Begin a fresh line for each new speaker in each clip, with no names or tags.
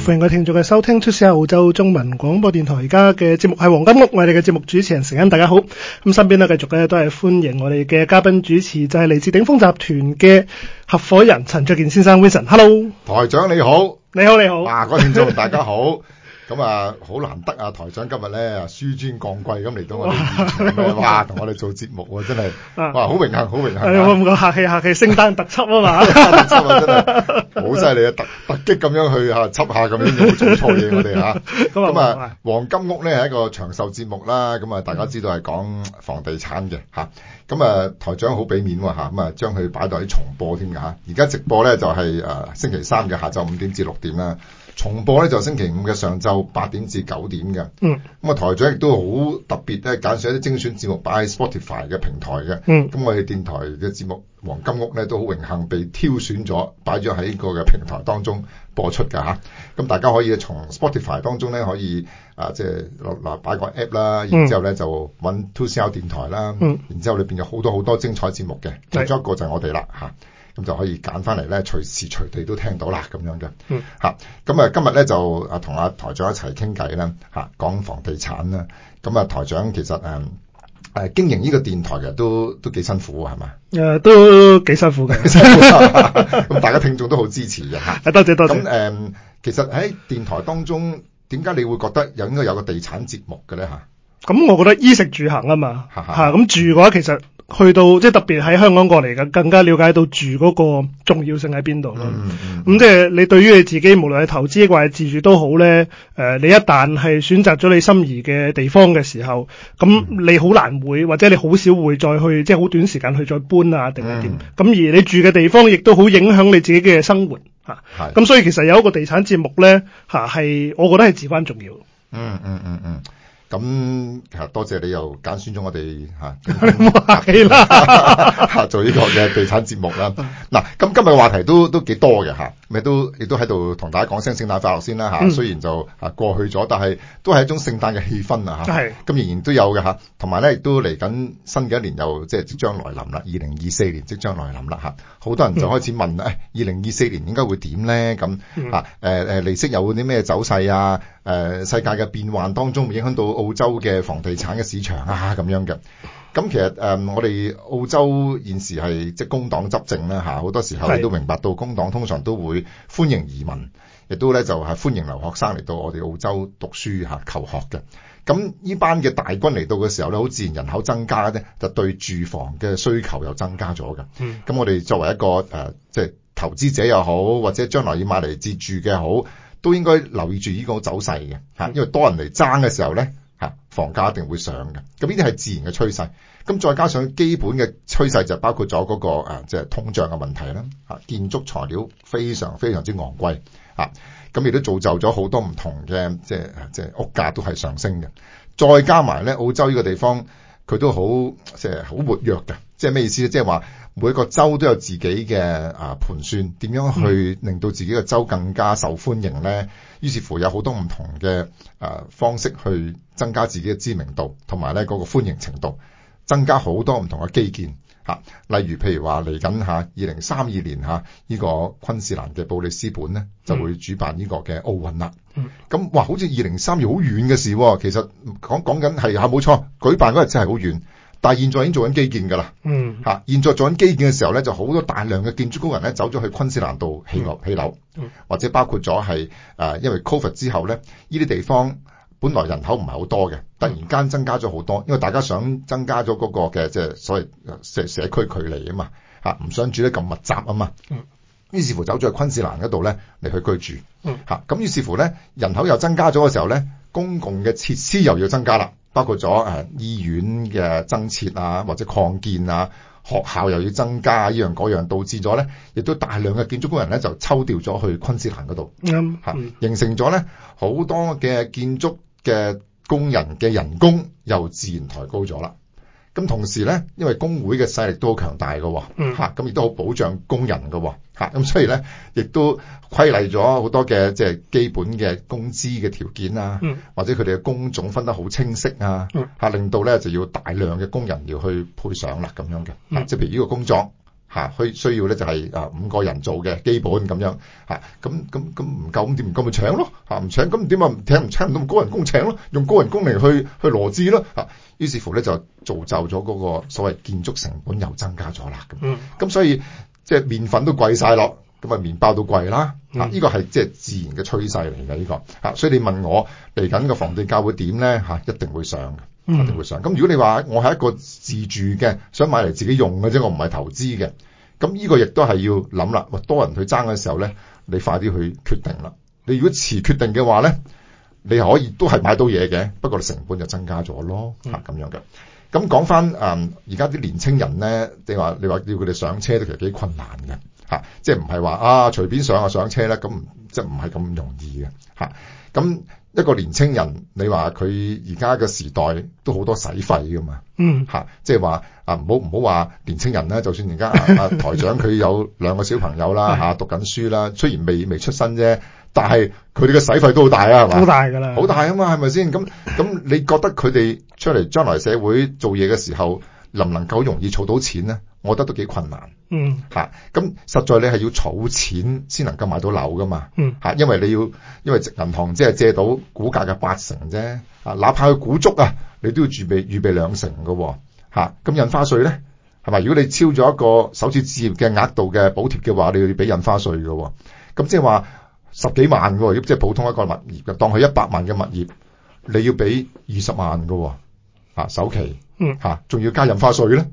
歡迎各位聽眾嘅收聽，出事喺澳洲中文廣播電台而家嘅節目係《是黃金屋》，我哋嘅節目主持人成恩，大家好。咁身邊呢，繼續咧都係歡迎我哋嘅嘉賓主持，就係、是、嚟自鼎豐集團嘅合夥人陳焯楗先生，Wilson。Hello， 台長你
好，你好，你好， 啊，各位聽眾大家好。 咁啊，好難得啊！台長今日咧，紆尊降貴咁嚟到我哋現場，哇，同我哋做節目喎、啊，真係哇，好榮幸，好、啊、榮幸咁
唔好客氣，客氣，聖誕特輯啊嘛，聖 誕、啊、特輯啊，真係好犀
利啊！突突擊咁樣去嚇，輯下咁樣有冇做錯嘢、啊？ 我哋嚇咁啊！黃金屋咧係一個長壽節目啦，咁啊，大家知道係講房地產嘅嚇。咁啊，啊，台長好俾面喎、啊、嚇，咁啊將佢擺到喺重播添、啊、嚇。而、啊、家直播咧就係、是、誒、啊、星期三嘅下晝五點至六點啦、啊。重播咧就星期五嘅上晝八點至九點嘅，咁、嗯、啊台長亦都好特別咧，揀選一啲精選節目擺喺 Spotify 嘅平台嘅，咁、嗯、我哋電台嘅節目《黃金屋》咧都好榮幸被挑選咗，擺咗喺呢個嘅平台當中播出㗎。咁、啊、大家可以從 Spotify 當中咧可以啊即係嗱擺個 app 啦，然之後咧、嗯、就揾 2CR 電台啦，嗯、然之後裏面有好多好多精彩節目嘅，最左一個就係我哋啦咁、嗯、就可以揀翻嚟咧，隨時隨地都聽到啦，咁樣嘅。咁、嗯、啊、嗯，今日咧就啊同阿台長一齊傾偈啦。嚇講房地產啦。咁、嗯、啊，台長其實、嗯、經營呢個電台嘅都都幾辛苦啊，係嘛？
都幾辛苦嘅。咁 大家聽眾都好支持嘅。多謝多謝。咁、
嗯、其實喺電台當中，點解你會覺得有應該有個地產節目嘅咧？咁、嗯、我覺得
衣食住行
啊嘛。
咁、嗯、住嘅話，其實。去到即係特別喺香港過嚟嘅，更加了解到住嗰個重要性喺邊度咯。咁、嗯嗯、即係你對於你自己，無論係投資或者自住都好咧。誒、呃，你一旦係選擇咗你心儀嘅地方嘅時候，咁你好難會或者你好少會再去即係好短時間去再搬啊，定係點？咁、嗯、而你住嘅地方亦都好影響你自己嘅生活嚇。咁、啊、所以其實有一個地產節目咧嚇係，我覺得係至關重要。嗯嗯
嗯嗯。嗯嗯。咁啊，其實多謝你又揀選咗我哋 客 做呢個嘅地產節目啦。嗱， 咁今日嘅話題都都幾多嘅嚇，咪都亦都喺度同大家講聲聖誕快樂先啦、嗯、雖然就啊過去咗，但係都係一種聖誕嘅氣氛啊。咁仍然都有嘅，同埋咧亦都嚟緊新嘅一年又即係即將來臨啦，二零二四年即將來臨啦。好多人就開始問誒，二零二四年應該會點咧？咁、嗯、啊誒誒、呃，利息會有啲咩走勢啊？誒世界嘅變幻當中，會影響到澳洲嘅房地產嘅市場啊，咁樣嘅。咁其實誒、嗯，我哋澳洲現時係即、係、工黨執政啦，嚇，好多時候你都明白到工黨通常都會歡迎移民，亦都咧就係歡迎留學生嚟到我哋澳洲讀書嚇求學嘅。咁呢班嘅大軍嚟到嘅時候咧，好自然人口增加咧，就對住房嘅需求又增加咗嘅。咁、嗯、我哋作為一個誒，即、呃係、投資者又好，或者將來要買嚟自住嘅好。都應該留意住呢個走勢嘅吓，因為多人嚟爭嘅時候咧吓，房價一定會上嘅。咁呢啲係自然嘅趨勢。咁再加上基本嘅趨勢就包括咗嗰個誒，即係通脹嘅問題啦吓，建築材料非常非常之昂貴吓，咁亦都造就咗好多唔同嘅，即係即係屋價都係上升嘅。再加埋咧，澳洲呢個地方佢都好即係好活躍嘅。即係咩意思咧？即係話每個州都有自己嘅啊盤算，點樣去令到自己個州更加受歡迎咧？於是乎有好多唔同嘅、啊、方式去增加自己嘅知名度，同埋咧個歡迎程度，增加好多唔同嘅基建、啊、例如，譬如話嚟緊下二零三二年嚇呢、啊呢個昆士蘭嘅布里斯本咧，就會主辦呢個嘅奧運啦。咁、嗯、哇，好似二零三二好遠嘅事、哦，其實講講緊係嚇冇錯，舉辦嗰日真係好遠。但現在已經在做緊基建㗎啦、嗯，現在，在做緊基建嘅時候咧，就好多大量嘅建築工人咧走咗去昆士蘭度起樓、起樓、嗯嗯、或者包括咗係、呃、因為 COVID 之後咧，呢啲地方本來人口唔係好多嘅，突然間增加咗好多，因為大家想增加咗嗰、嗰個嘅即係所謂社社區距離啊嘛，唔想住得咁密集啊嘛，於是乎走咗去昆士蘭嗰度咧嚟去居住，嚇、嗯、咁於是乎咧人口又增加咗嘅時候咧，公共嘅設施又要增加啦。包括咗、啊、醫院嘅增設啊，或者擴建啊，學校又要增加啊，呢樣嗰樣，那樣導致咗咧，亦都大量嘅建築工人咧就抽調咗去昆士蘭嗰度、嗯嗯啊，形成咗咧好多嘅建築嘅工人嘅人工又自然抬高咗啦。咁同時咧，因為工會嘅勢力都好強大嘅、啊，喎、嗯，咁、啊、亦都好保障工人嘅、啊，喎、啊。咁所以咧，亦都規例咗好多嘅即係基本嘅工資嘅條件啊，嗯、或者佢哋嘅工種分得好清晰啊，嗯、啊令到咧就要大量嘅工人要去配上啦咁樣嘅，即、啊、譬如呢個工作。嚇，去需要咧就係啊五個人做嘅基本咁樣嚇，咁咁咁唔夠咁點？咁咪請咯嚇，唔請咁點啊？請唔請唔到咪高人工請咯？用高人工嚟去去羅致咯嚇，於是乎咧就造就咗嗰個所謂建築成本又增加咗啦咁。咁所以即係麵粉都貴晒咯，咁啊麵包都貴啦。啊，呢個係即係自然嘅趨勢嚟嘅呢個。啊，所以你問我嚟緊個房地價會點咧嚇？一定會上。肯定會上。咁如果你話我係一個自住嘅，想買嚟自己用嘅啫，我唔係投資嘅。咁呢個亦都係要諗啦。多人去爭嘅時候咧，你快啲去決定啦。你如果遲決定嘅話咧，你可以都係買到嘢嘅，不過你成本就增加咗咯。嚇、嗯、咁樣嘅。咁講翻啊，而家啲年青人咧，你話你話要佢哋上車，都其實幾困難嘅。嚇，即係唔係話啊隨便上啊上車咧？咁即係唔係咁容易嘅？嚇、啊、咁。一個年青人，你話佢而家嘅時代都好多使費噶嘛？嗯，吓、就是，即係話啊，唔好唔好話年青人呢，就算而家啊， 啊台長佢有兩個小朋友啦，吓、 啊、讀緊書啦，雖然未未出生啫，但係佢哋嘅使費都好大啊，係嘛？好大噶啦，好大啊嘛，係咪先？咁咁你覺得佢哋出嚟將來社會做嘢嘅時候，能唔能夠容易儲到錢咧？我覺得都幾困難，嗯，吓、啊、咁實在你係要儲錢先能夠買到樓噶嘛，嗯，吓、啊、因為你要因為銀行即係借到估價嘅八成啫，啊，哪怕佢估足啊，你都要預備預備兩成㗎，吓咁印花稅咧係咪？如果你超咗一個首次置業嘅額度嘅補貼嘅話，你要俾印花稅喎、啊。咁即係話十幾萬、啊，即係普通一個物業，當佢一百萬嘅物業，你要俾二十萬㗎吓、啊啊、首期，嗯，吓、啊、仲要加印花稅咧。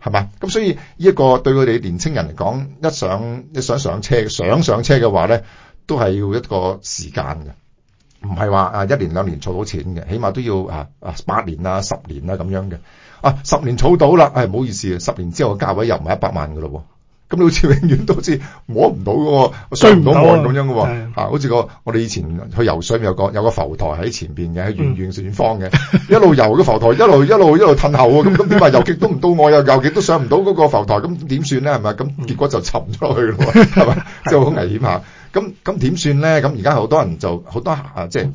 係嘛？咁所以呢一個對佢哋年青人嚟講，一想一想上車，想上車嘅話咧，都係要一個時間嘅，唔係話啊一年兩年儲到錢嘅，起碼都要啊啊八年啦十年啦咁樣嘅。啊，十年儲到啦，誒、哎、唔好意思，十年之後嘅價位又唔係一百萬噶咯喎。咁好似永遠都好似摸唔到嗰個上唔到岸咁樣嘅喎、吓，好似個我哋以前去游水有個有個浮台喺前面嘅，喺遠遠遠方嘅，一路遊個浮台，一路一路一路褪後喎，咁咁點解遊極都唔到岸又遊極都上唔到嗰個浮台，咁點算咧？係咪？咁結果就沉咗落去咯，係、嗯、咪？即係好危險下。咁咁點算咧？咁而家好多人就好多，即、就、係、是、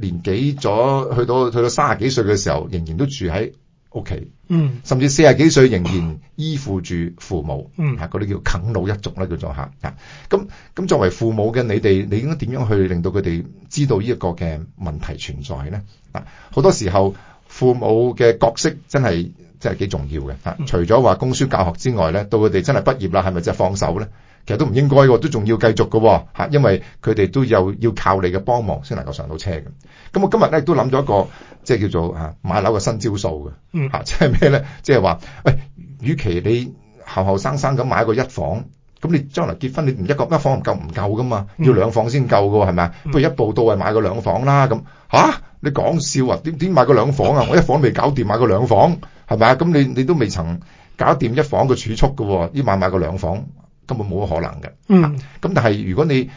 年幾咗去到去到三十幾歲嘅時候，仍然都住喺屋企，嗯，甚至四十幾歲仍然依附住父母，嗯，啊，嗰啲叫啃老一族咧，叫做嚇，啊，咁咁作為父母嘅你哋，你應該點樣去令到佢哋知道呢一個嘅問題存在咧？啊，好多時候父母嘅角色真係真係幾重要嘅，啊，除咗話供書教學之外咧，到佢哋真係畢業啦，係咪真係放手咧？其實都唔應該，我都仲要繼續嘅嚇，因為佢哋都有要靠你嘅幫忙先能夠上到車嘅。咁我今日咧都諗咗一個即係叫做嚇買樓嘅新招數嘅嚇，即係咩咧？即係話，喂，與其你後後生生咁買個一房，咁你將來結婚你唔一個一房唔夠唔夠噶嘛？要兩房先夠嘅喎，係咪？不如一步到位買個兩房啦咁嚇？你講笑啊？點點買個兩房啊？我一房未搞掂，買個兩房係咪啊？咁你你都未曾搞掂一房嘅儲蓄嘅喎，要買買個兩房。根本冇可能嘅。
嗯。
咁、啊、但係如果你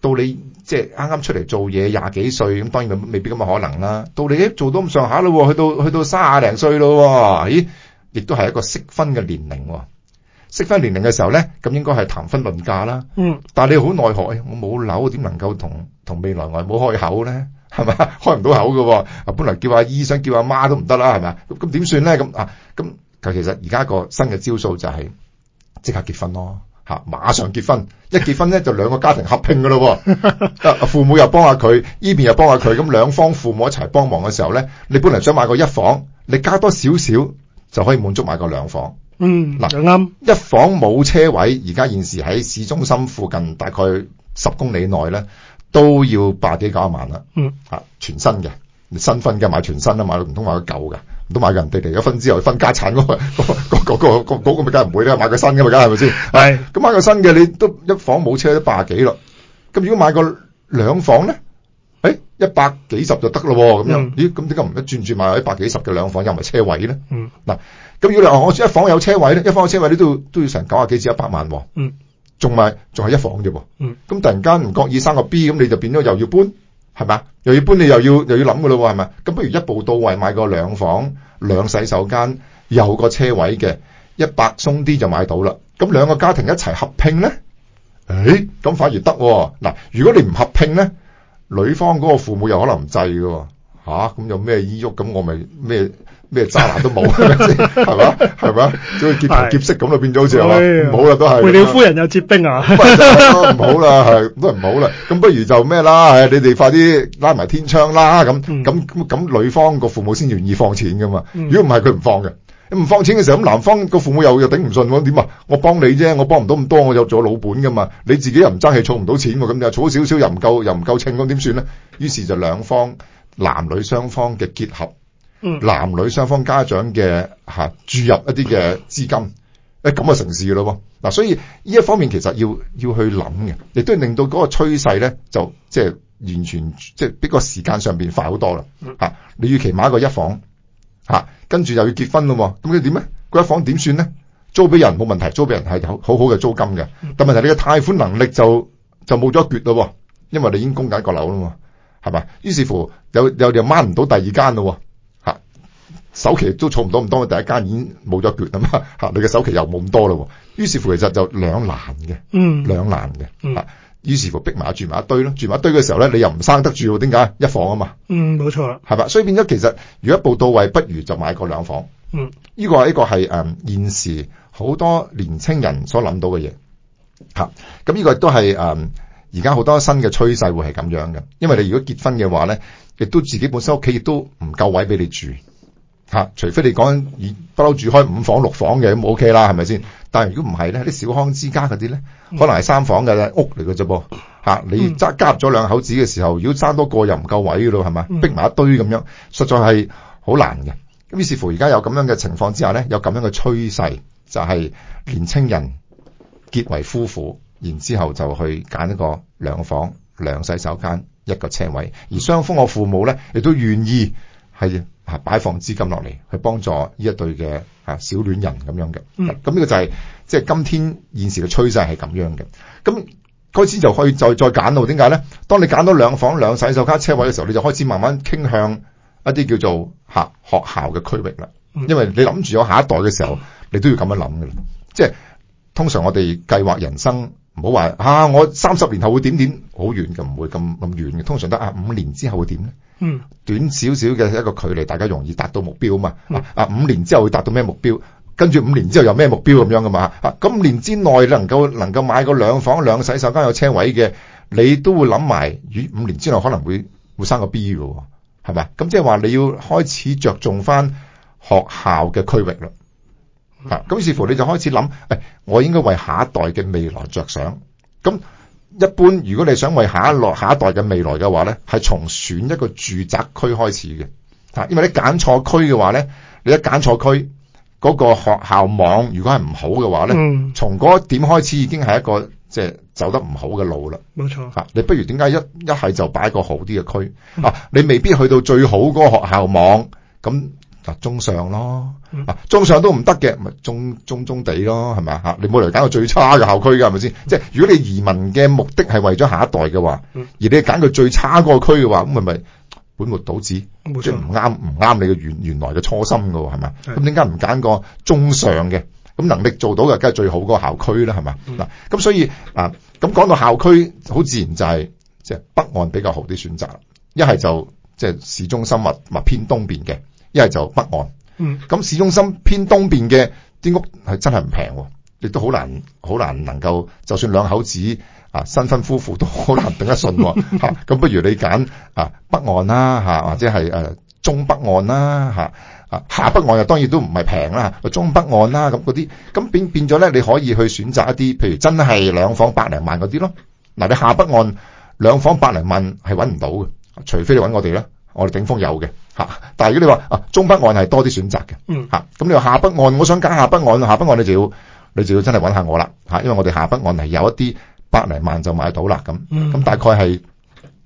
到你即係啱啱出嚟做嘢廿幾歲，咁當然未必咁嘅可能啦。到你做到咁上下咯，去到去到三廿零歲咯，咦？亦都係一個適婚嘅年齡。適婚年齡嘅時候咧，咁應該係談婚論嫁啦。嗯。但你好奈何，我冇樓點能夠同同未來外母開口咧？係咪？開唔到口嘅喎。啊，本來叫阿姨，想叫阿媽都唔得啦，係咪？咁點算咧？咁啊？咁其實而家個新嘅招數就係、是、即刻結婚咯。啊！馬上結婚，一結婚咧就兩個家庭合拼嘅咯喎， 父母又幫下佢，依邊又幫下佢，咁兩方父母一齊幫忙嘅時候咧，你本來想買個一房，你加多少少就可以滿足買個兩房。嗯，嗱，啱。一房冇車位，而家現時喺市中心附近大概十公里內咧，都要百幾九十萬啦。嗯，嚇全新嘅，新婚嘅買全新啦，買到唔通買到舊嘅？都買個人哋嚟，有分之後分家產嗰個嗰個咁咪梗唔會啦。買個新噶嘛，梗係咪先？係咁買個新嘅，你都一房冇車都八十幾咯。咁如果買個兩房咧，誒、欸、一百幾十就得咯咁樣？咦，咁點解唔一轉轉買一百幾十嘅兩房又唔係車位咧？嗯，嗱、啊，咁如果你話我一房有車位咧，一房有車位你都都要成九十幾至一百萬。嗯，仲買仲係一房啫。嗯，咁突然間唔覺意生個 B，咁你就變咗又要搬。係嘛，又要搬你又要又要諗噶咯喎，係咪？咁不如一步到位買個兩房兩洗手間，有個車位嘅，一百鬆啲就買到啦。咁兩個家庭一齊合拼咧，哎，咁反而得喎。嗱，如果你唔合拼咧，女方嗰個父母又可能唔制噶喎，嚇咁有咩衣郁，咁我咪咩？咩渣男都冇，係咪先？係咪？係咪？所以劫劫色咁就變咗好似係唔好啦都係。賠了夫
人又折兵啊？唔 好啦，
係都唔好啦。咁不如就咩啦？你哋快啲拉埋天窗啦！咁咁咁女方個父母先願意放錢噶嘛、嗯？如果唔係佢唔放嘅。唔放錢嘅時候，咁男方個父母又又頂唔順喎？點啊？我幫你啫，我幫唔到咁多，我有做了老本噶嘛？你自己又唔爭氣，儲唔到錢喎，咁就儲少少又唔夠，又唔夠稱咁點算咧？於是就兩方男女雙方嘅結合。男女雙方家長嘅嚇注入一啲嘅資金，誒咁嘅城市嘅咯喎嗱，所以呢一方面其實要要去諗嘅，亦都係令到嗰個趨勢咧就即係完全即係比個時間上邊快好多啦嚇。你預期買個一房嚇，跟住又要結婚咯喎，咁你點咧？嗰一房點算咧？租俾人冇問題，租俾人係好好好嘅租金嘅，但問題是你嘅貸款能力就就冇咗一撅咯，因為你已經供緊一個樓啦嘛，係咪？於是乎有有就掹唔到第二間咯。首期都儲唔到咁多，第一間已經冇咗橛啊嘛！嚇，你嘅首期又冇咁多啦，於是乎其實就兩難嘅，嗯，兩難嘅，嗯，於是乎逼埋住埋一堆咯，住埋一堆嘅時候咧，你又唔生得住，點解？一房啊嘛，嗯，
冇錯啦，
係嘛？所以變咗其實如果一步到位，不如就買個兩房，嗯，依、這個依個係誒、嗯、現時好多年青人所諗到嘅嘢，嚇咁依個都係誒而家好多新嘅趨勢會係咁樣嘅，因為你如果結婚嘅話咧，亦都自己本身屋企亦都唔夠位俾你住。嚇、啊！除非你講緊不嬲住開五房六房嘅咁 OK 啦，係咪先？但係如果唔係咧，啲小康之家嗰啲咧，可能係三房嘅啫、嗯、屋嚟嘅啫噃。嚇、啊！你加加咗兩口子嘅時候，如果爭多個又唔夠位嘅咯，係嘛？逼、嗯、埋一堆咁樣，實在係好難嘅。咁於是乎而家有咁樣嘅情況之下咧，有咁樣嘅趨勢，就係、是、年青人結為夫婦，然之後就去揀一個兩房兩洗手間一個車位，而雙方嘅父母咧亦都願意係。擺放資金落嚟去幫助呢一對嘅小戀人咁樣嘅，咁呢個就係即係今天現時嘅趨勢係咁樣嘅。咁開始就可以再再揀路，點解咧？當你揀到兩房兩洗手卡車位嘅時候，你就開始慢慢傾向一啲叫做學校嘅區域啦、嗯。因為你諗住有下一代嘅時候，你都要咁樣諗嘅啦。即係通常我哋計劃人生。唔好話啊，我三十年後會點點好遠嘅，唔會咁咁遠嘅。通常都啊，五年之後會點咧？嗯，短少少嘅一個距離，大家容易達到目標啊嘛、嗯。啊，五、啊、年之後會達到咩目標？跟住五年之後有咩目標咁樣噶嘛？啊，咁五年之內能夠能夠買個兩房兩洗手間有車位嘅，你都會諗埋與五年之內可能會會生個 B 嘅喎，係咪？咁即係話你要開始着重翻學校嘅區域啦。咁、啊、似乎你就開始諗，誒、哎，我應該為下一代嘅未來着想。咁一般，如果你想為下一落下一代嘅未來嘅話呢，係從選一個住宅區開始嘅、啊。因為你揀錯區嘅話呢，你一揀錯區嗰、那個學校網，如果係唔好嘅話呢、嗯、從嗰一點開始已經係一個即係、就是、走得唔好嘅路啦。冇錯、啊。你不如點解一一係就擺一個好啲嘅區？啊，嗯、你未必去到最好嗰個學校網，咁、啊。中上咯，啊、嗯，中上都唔得嘅，咪中中中地咯，係咪你冇理由揀個最差嘅校區㗎，係咪先？即、嗯、係如果你移民嘅目的係為咗下一代嘅話、嗯，而你揀個最差個區嘅話，咁係咪本末倒置？即係唔啱，唔啱你嘅原原來嘅初心嘅喎，係咪？咁點解唔揀個中上嘅咁能力做到嘅，梗係最好嗰個校區啦，係咪？嗱、嗯？咁所以啊，咁講到校區，好自然就係即係北岸比較好啲選擇，一係就即係、就是、市中心或或偏東邊嘅。一係就北岸，咁市中心偏東邊嘅啲屋係真係唔平，亦都好難好難能夠，就算兩口子啊新婚夫婦都好難頂得順，吓 咁、啊、不如你揀啊北岸啦、啊、吓、啊、或者係誒中北岸啦，吓啊下北岸又當然都唔係平啦，中北岸啦咁嗰啲，咁、啊啊啊啊、變變咗咧，你可以去選擇一啲，譬如真係兩房百零萬嗰啲咯。嗱、啊，你下北岸兩房百零萬係揾唔到嘅，除非你揾我哋啦，我哋頂峰有嘅。嚇！但係如果你話啊，中北岸係多啲選擇嘅，嚇、嗯、咁你話下北岸，我想揀下北岸，下北岸你就要你就要真係揾下我啦，嚇！因為我哋下北岸係有一啲百零萬就買到啦，咁、嗯、咁大概係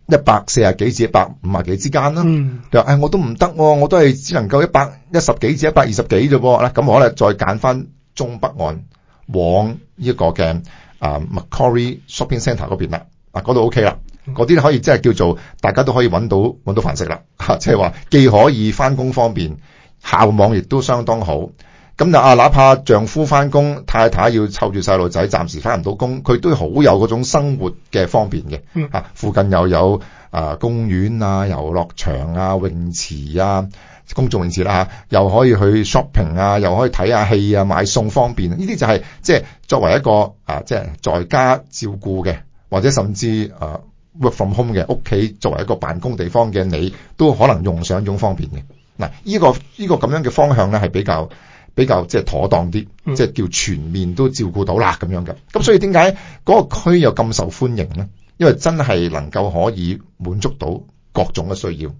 一百四啊幾至一百五啊幾之間啦。就誒，我都唔得，我都係、啊、只能夠一百一十幾至一百二十幾啫噃啦。咁我咧再揀翻中北岸往呢一個嘅啊、uh, Macquarie Shopping Centre 嗰邊啦，嗱嗰度 OK 啦。嗰啲可以即係叫做大家都可以揾到揾到飯食啦嚇，即係話既可以翻工方便，校網亦都相當好。咁就啊，哪怕丈夫翻工，太太要湊住細路仔，暫時翻唔到工，佢都好有嗰種生活嘅方便嘅、啊、附近又有啊、呃、公園啊、遊樂場啊、泳池啊、公眾泳池啦、啊啊、又可以去 shopping 啊，又可以睇下戲啊、買餸方便。呢啲就係、係、即係作為一個啊，即係在家照顧嘅，或者甚至啊。Work from home 嘅屋企作為一個辦公地方嘅你，都可能用上一種方便嘅嗱，依、這個依、這個咁樣嘅方向咧，係比較比較即係妥當啲，即、嗯、係、就是、叫全面都照顧到啦咁樣嘅。咁所以點解嗰個區又咁受歡迎咧？因為真係能夠可以滿足到各種嘅需要，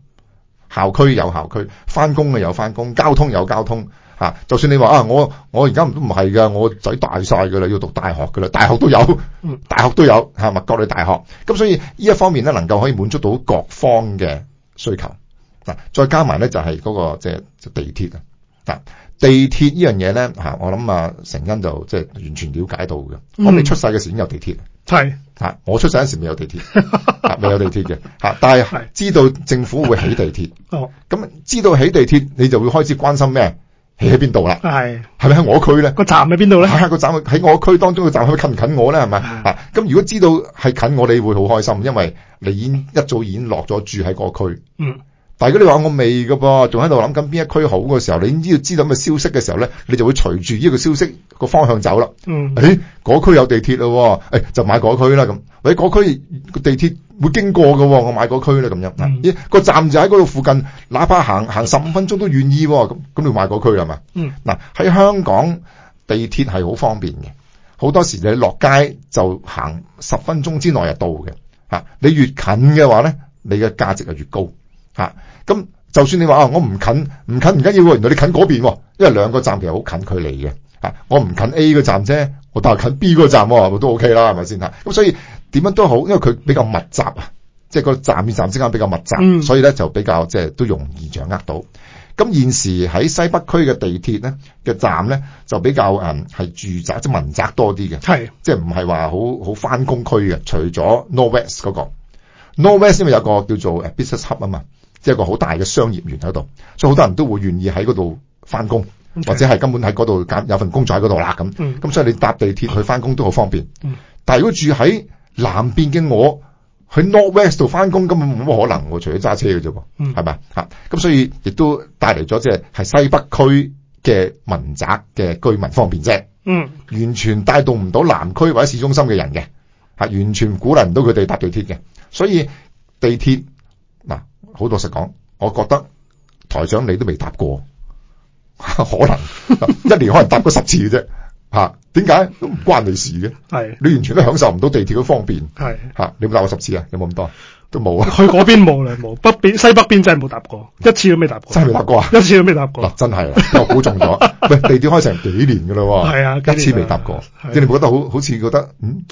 校區有校區，返工嘅有返工，交通有交通。啊、就算你話啊，我我而家唔都唔係㗎，我仔大曬㗎啦，要讀大學㗎啦，大學都有，大學都有係咪？各類大學咁，所以呢一方面咧能夠可以滿足到各方嘅需求嗱、啊。再加埋咧就係、是、嗰、那個即係、就是、地鐵啊。嗱，地鐵呢樣嘢咧我諗啊成恩就即係完全了解到嘅。我、嗯、哋、啊、出世嘅時候已經有地鐵係、啊、我出世嘅時未有地鐵，未、 啊、有地鐵嘅、啊、但係知道政府會起地鐵咁、 啊、知道起地鐵，你就會開始關心咩？喺邊度啦？係係咪喺我區咧？個站喺邊度咧？個站喺我區當中個站，係近唔近我咧？係咪？啊？咁如果知道係近我，你會好開心，因為你已經一早已經落咗住喺個區。嗯。但如果你話我未㗎噃，仲喺度諗緊邊一區好嘅時候，你知個知道咁嘅消息嘅時候咧，你就會隨住呢個消息個方向走啦。嗯，嗰、欸、區有地鐵啦，誒、欸、就買嗰區啦。咁喺嗰區地鐵會經過嘅，我買嗰區啦。咁樣嗱，個、欸、站就喺嗰度附近，哪怕行行十五分鐘都願意咁。咁你買嗰區啦嘛。嗯，嗱、啊、喺香港地鐵係好方便嘅，好多時你落街就行十分鐘之內就到嘅、啊、你越近嘅話咧，你嘅價值係越高。咁、啊、就算你話啊，我唔近唔近唔緊要，原來你近嗰邊喎、哦，因為兩個站其實好近距離嘅、啊、我唔近 A 個站啫，我但係近 B 個站喎、哦，都 OK 啦，係咪先？咁所以點樣都好，因為佢比較密集啊，即、就、係、是、個站與站之間比較密集，嗯、所以咧就比較即係、就是、都容易掌握到。咁、啊、現時喺西北區嘅地鐵咧嘅站咧就比較誒係住宅即文、就是、民宅多啲嘅，係即係唔係話好好返工區嘅，除咗 Norwest 嗰、那個、嗯、Norwest 因為有一個叫做、A、Business Hub 啊嘛。即、就、係、是、一個好大嘅商業園喺度，所以好多人都會願意喺嗰度翻工，okay. 或者係根本喺嗰度揀有份工作喺嗰度啦咁。咁所以你搭地鐵去翻工都好方便。但係如果住喺南邊嘅我，去 North West 度翻工根本冇乜可能喎，除咗揸車嘅啫噃，係咪？咁所以亦都帶嚟咗即係西北區嘅民宅嘅居民方便啫。嗯、mm.，完全帶動唔到南區或者市中心嘅人嘅、啊、完全鼓勵唔到佢哋搭地鐵嘅，所以地鐵。嗱，好老實講，我覺得台長你都未搭過，可能 一年可能搭過十次嘅啫。嚇，點解都唔關你事嘅？ 係，你完全都享受唔到地鐵嘅方便。你 嚇、啊，你搭過十次啊？有冇咁多？都冇啊！去嗰邊冇啦，冇北邊、西北邊真係冇搭過，一次都未搭過。 真係未搭過啊！一次都未搭過。嗱， 真係我估中咗，喂，地鐵開成幾年噶啦？係啊，一次未搭過，啊啊、你哋唔覺得好好似覺得嗯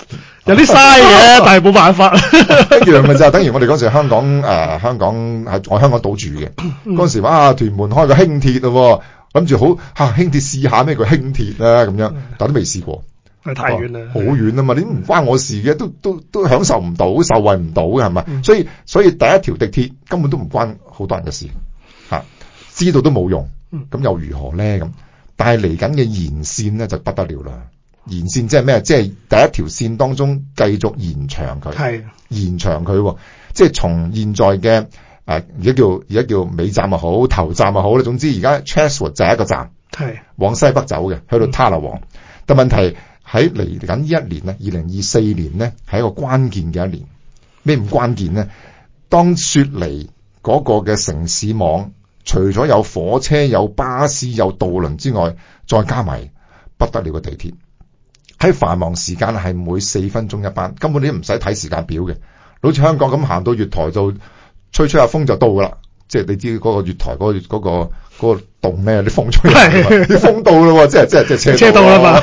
有啲嘥嘅， 但係冇辦法。一樣咪就係等於我哋嗰時香港、呃、香港喺我香港島住嘅嗰、嗯、時，哇、啊，屯門開個輕鐵咯，諗住好吓輕鐵試下咩叫輕鐵啦咁樣，但都未試過。太遠啦，好、oh, 遠啊嘛！你唔關我事嘅、嗯，都都都享受唔到，受惠唔到嘅係咪？所以所以第一條地鐵根本都唔關好多人嘅事、啊、知道都冇用咁、嗯、又如何咧咁？但係嚟緊嘅延線咧就不得了啦。延線即係咩？即、就、係、是、第一條線當中繼續延長佢，係延長佢、哦、即係從現在嘅而家叫而家叫尾站又好頭站又好啦。總之而家 Chatswood 就係一個站係往西北走嘅，去到 Tallawong、嗯。但問題，喺嚟緊呢一年咧，二零二四年咧，係一個關鍵嘅一年。咩唔關鍵咧？當雪梨嗰個嘅城市網，除咗有火車、有巴士、有渡輪之外，再加埋不得了嘅地鐵。喺繁忙時間係每四分鐘一班，根本你唔使睇時間表嘅，好似香港咁，行到月台就吹吹下風就到噶啦。即係你知嗰個月台嗰、嗰個嗰、嗰個嗰、嗰個洞咩？啲風吹，啲 風到啦喎！即係即係即係車到啦嘛！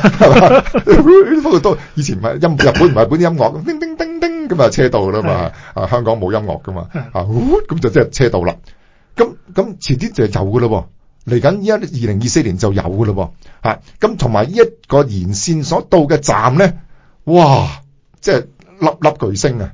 啲 以前唔係音日本唔係本啲音樂，叮叮叮叮咁啊車到啦嘛！啊，香港冇音樂噶嘛咁就即係車到啦。咁咁前啲就係有噶咯喎，嚟緊依家二零二四年就有噶咯喎，咁同埋呢一個沿線所到嘅站咧，哇！即係粒粒巨星啊！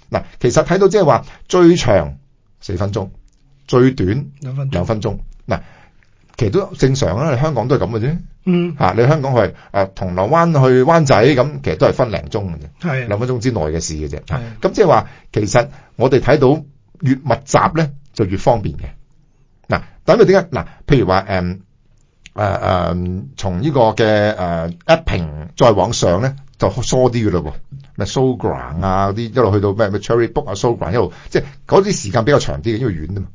嗱，其實睇到即係話最長四分鐘，最短兩分鐘，兩分鐘嗱，其實都正常啦，香港都係咁嘅啫。
嗯、
啊，你香港去誒、啊、銅鑼灣去灣仔咁，其實都係分零鐘嘅啫，兩分鐘之內嘅事嘅啫。咁即係話，其實我哋睇到越密集咧，就越方便嘅。嗱、啊，第一點解？嗱、啊，譬如話、啊啊啊、從呢個嘅誒 Epping 再往上咧，就疏啲嘅嘞喎。Showground 啊，嗰啲一路去到咩咩 Cherrybrook 啊，Showground 一路即係嗰啲時間比較長啲，嘅，因為遠啊嘛。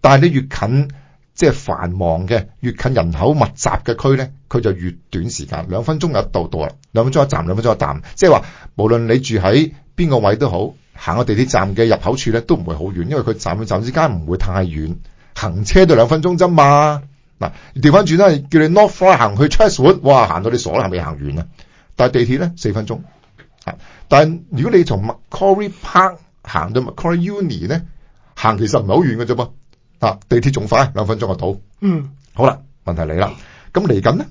但係你越近即係、就是、繁忙嘅，越近人口密集嘅區咧，佢就越短時間，兩分鐘有一度到啦，兩分鐘一站，兩分鐘一站，即係話無論你住喺邊個位都好，行個地鐵站嘅入口處咧都唔會好遠，因為佢站與站之間唔會太遠，行車都兩分鐘啫嘛。嗱調翻轉啦，叫你 North Ryde 行去 Chatswood，哇行到你傻啦，係咪行遠啊？但係地鐵咧四分鐘。但係如果你從 Macquarie Park 行到 Macquarie Uni 咧，行其實唔係好遠嘅啫噃。啊，地鐵仲快，兩分鐘就到。嗯，好啦，問題嚟啦。咁嚟緊咧，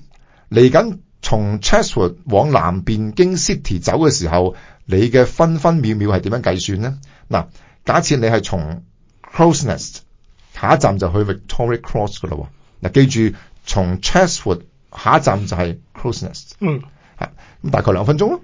嚟緊從 Chatswood 往南邊經 City 走嘅時候，你嘅分分秒秒係點樣計算咧？嗱、啊，假設你係從 Crows Nest 下一站就去 Victoria Cross 嘅咯。嗱、啊，記住，從 Chatswood 下一站就係 Crows Nest。嗯。咁大概兩分鐘咯。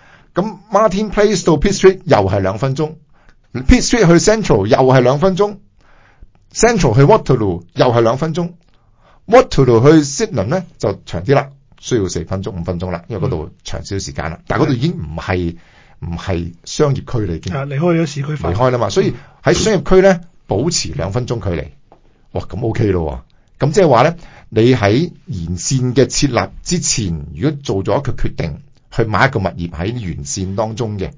咁 Martin Place 到 Pitt Street 又係兩分鐘，Pitt Street 去 Central 又係兩分鐘，Central 去 Waterloo 又係兩分鐘，Waterloo 去 Sydenham 咧就長啲啦，需要四分鐘五分鐘啦，因為嗰度長少少時間啦、嗯。但係嗰度已經唔係唔係商業區嚟嘅，啊離開
咗市區，離開啦嘛。所以
喺商業區咧保持兩分鐘距離，哇咁 OK 咯、啊。咁即係話咧，你喺沿線嘅設立之前，如果做咗一個決定。去買一個物業喺沿線當中嘅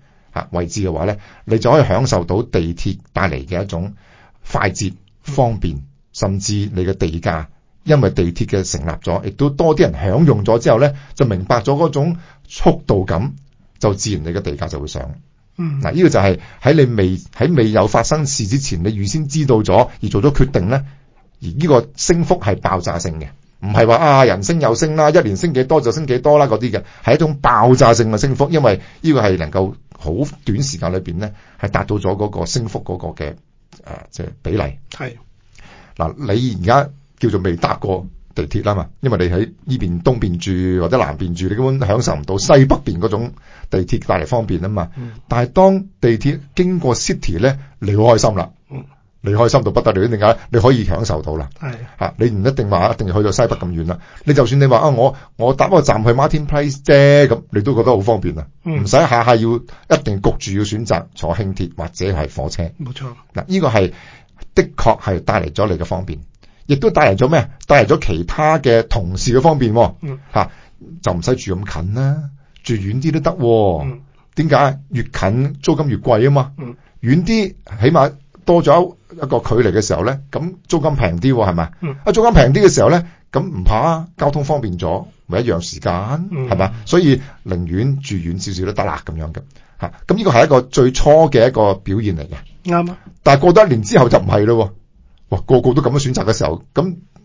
位置嘅話咧，你就可以享受到地鐵帶嚟嘅一種快捷方便，甚至你嘅地價，因為地鐵嘅成立咗，亦都多啲人享用咗之後咧，就明白咗嗰種速度感，就自然你嘅地價就會上。嗯，嗱呢個就係喺你未喺未有發生事之前，你預先知道咗而做咗決定咧，而呢個升幅係爆炸性嘅。唔係話啊，人升又升啦，一年升幾多就升幾多啦嗰啲嘅，係一種爆炸性嘅升幅，因為呢個係能夠好短時間裏面咧，係達到咗嗰個升幅嗰個嘅誒，即係比例。係嗱、啊，你而家叫做未搭過地鐵啦嘛，因為你喺呢邊東邊住或者南邊住，你根本享受唔到西北邊嗰種地鐵帶嚟方便啊嘛。嗯、但係當地鐵經過 city 咧，你好開心啦。你開心到不得了，點解？你可以享受到啦、啊，你唔一定話一定去到西北咁遠啦。你就算你話啊，我我搭個站去 Martin Place 啫，咁你都覺得好方便啊，唔、嗯、使下下要一定焗住要選擇坐輕鐵或者係火車。冇錯，嗱、啊，呢個係的確係帶嚟咗你嘅方便，亦都帶嚟咗咩？帶嚟咗其他嘅同事嘅方便、啊，嚇、嗯啊、就唔使住咁近啦、啊，住遠啲都得。點、嗯、解？越近租金越貴啊嘛，遠啲起碼多咗。一個距離嘅時候咧，咁租金平啲喎，係咪、嗯？啊，租金平啲嘅時候咧，咁唔怕、啊、交通方便咗，咪一樣時間，係嘛、嗯？所以寧願住遠少少都得啦，咁樣嘅嚇。咁呢個係一個最初嘅一個表現嚟嘅。啱、嗯、啊！但係過多一年之後就唔係咯，哇！個個都咁樣選擇嘅時候，咁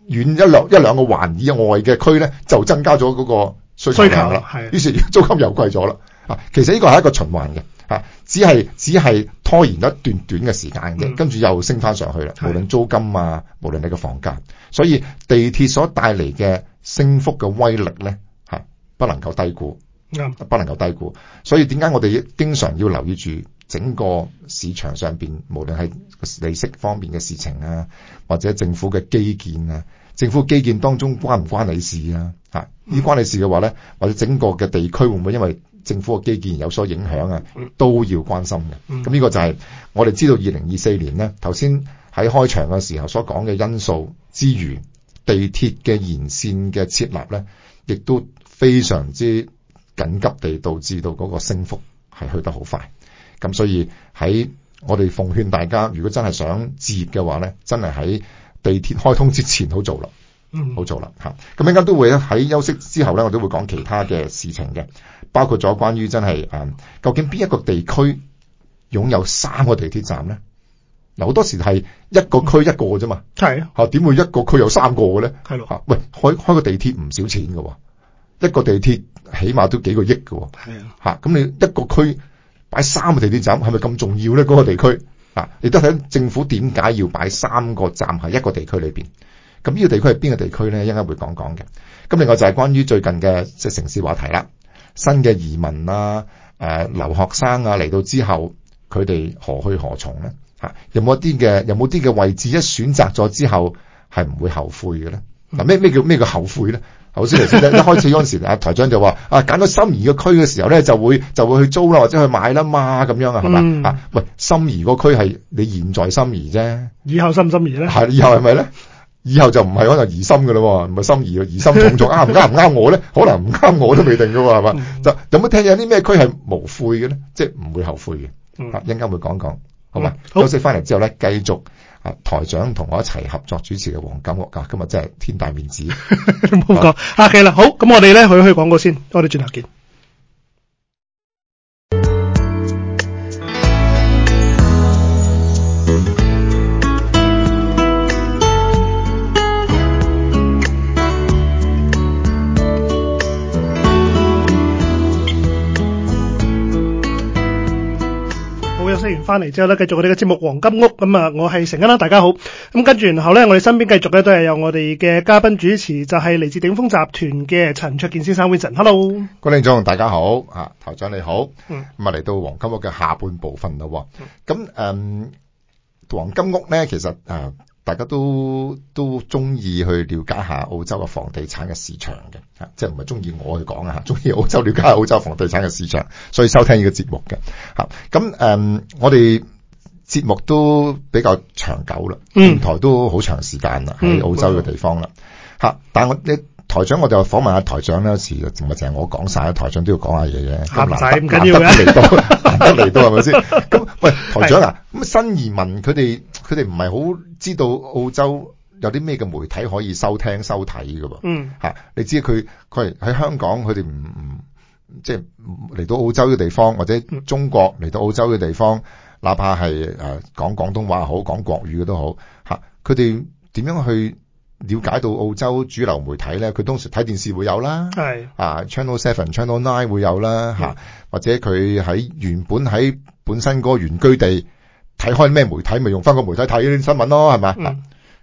遠一,一兩一兩個環以外嘅區咧，就增加咗嗰個需求啦，係。於是租金又貴咗啦。啊，其實呢個係一個循環嘅嚇。只係只係拖延一段短嘅時間嘅，跟住又升翻上去啦。無論租金啊，無論你嘅房價，所以地鐵所帶嚟嘅升幅嘅威力咧，嚇，不能夠低估、嗯，不能夠低估。所以點解我哋經常要留意住整個市場上面，無論係利息方面嘅事情啊，或者政府嘅基建啊，政府基建當中關唔關你事啊？嚇，呢關你事嘅話咧，或者整個嘅地區會唔會因為？政府嘅基建有所影響啊，都要關心嘅。咁呢個就係我哋知道，二零二四年呢頭先喺開場嘅時候所講嘅因素之餘，地鐵嘅延線嘅設立呢亦都非常之緊急地，導致到嗰個升幅係去得好快。咁所以喺我哋奉勸大家，如果真係想置業嘅話呢，真係喺地鐵開通之前好做啦，好做啦嚇。咁一陣都會喺休息之後呢，我都會講其他嘅事情嘅。包括咗關於真係、嗯、究竟邊一個地區擁有三個地鐵站呢？嗱，好多時係一個區一個嘅咋嘛。係啊。點會一個區有三個嘅呢？係咯、啊。喂開，開個地鐵唔少錢㗎喎，一個地鐵起碼都幾個億㗎
喎。
咁、啊、你一個區擺三個地鐵站，係咪咁重要呢？嗰、嗰個地區、啊、你都睇政府點解要擺三個站喺一個地區裏面。咁呢個地區係邊個地區咧？一陣間會,會講講嘅。咁另外就係關於最近嘅、即係、城市話題啦。新嘅移民啊，誒、呃，留學生啊，嚟到之後，佢哋何去何從咧？吓、啊，有冇一啲嘅，有冇啲嘅位置一選擇咗之後，係唔會後悔嘅咧？嗱，咩咩叫咩叫後悔咧？頭先咧一開始嗰陣時阿、 啊、台長就話啊，揀到心儀嘅區嘅時候咧，就會就會去租啦，或者去買啦嘛，咁樣係嘛、嗯？啊，喂，心儀個區係你現在心儀啫，以後心唔心儀咧？係、啊，以後係咪咧？ 以後就唔係可能疑心㗎咯喎，唔係心疑，疑心重重啱唔啱唔啱我咧， 可能唔啱我都未定㗎喎，係嘛、嗯？就有冇聽有啲咩區係無悔嘅咧？即係唔會後悔嘅、嗯。啊，陣間會,會講講，好嘛？休息翻嚟之後咧，繼續啊，台長同我一齊合作主持嘅黃金屋啊，今日真係天大面子，
冇 錯。客氣啦，好，咁我哋咧去去廣告先，我哋轉頭見。完翻嚟之後咧，繼續我哋嘅節目《黃金屋》咁、嗯、啊，我係成恩啦，大家好。咁、嗯、跟住然後咧，我哋身邊繼續咧都係有我哋嘅嘉賓主持，就係、是、嚟自鼎豐集團嘅陳焯楗先生 Wilson Hello，
郭先生，大家好，吓頭長你好。咁、嗯、啊，嚟到黃、嗯《黃金屋》嘅下半部分喎。咁誒，《黃金屋》咧，其實誒。嗯大家都都中意去了解下澳洲嘅房地產嘅市場嘅，嚇，即係唔係中意我去講啊，嚇，中意澳洲了解下澳洲房地產嘅市場，所以收聽呢個節目嘅，嚇。咁、嗯、我哋節目都比較長久啦，電、嗯、台都好長時間啦，喺澳洲嘅地方啦、嗯，但我台長，我哋又訪問下台長啦。有時唔係淨係我講晒，台長都要講下嘢嘅。咁難得嚟到，難得嚟到，係咪先？咁喂，台長啊，咁新移民佢哋佢哋唔係好知道澳洲有啲咩嘅媒體可以收聽收睇㗎噃。嗯，吓、你知佢佢喺香港，佢哋唔唔即係嚟到澳洲嘅地方，或者中國嚟到澳洲嘅地方，嗯、哪怕係、呃、講廣東話好，講國語嘅都好，吓，佢哋點樣去？了解到澳洲主流媒體咧，佢當時睇電視會有啦，係啊 Channel Seven、Channel Nine 會有啦、啊、或者佢喺原本喺本身個原居地睇開咩媒體，咪用翻個媒體睇啲新聞咯，係咪、嗯、啊？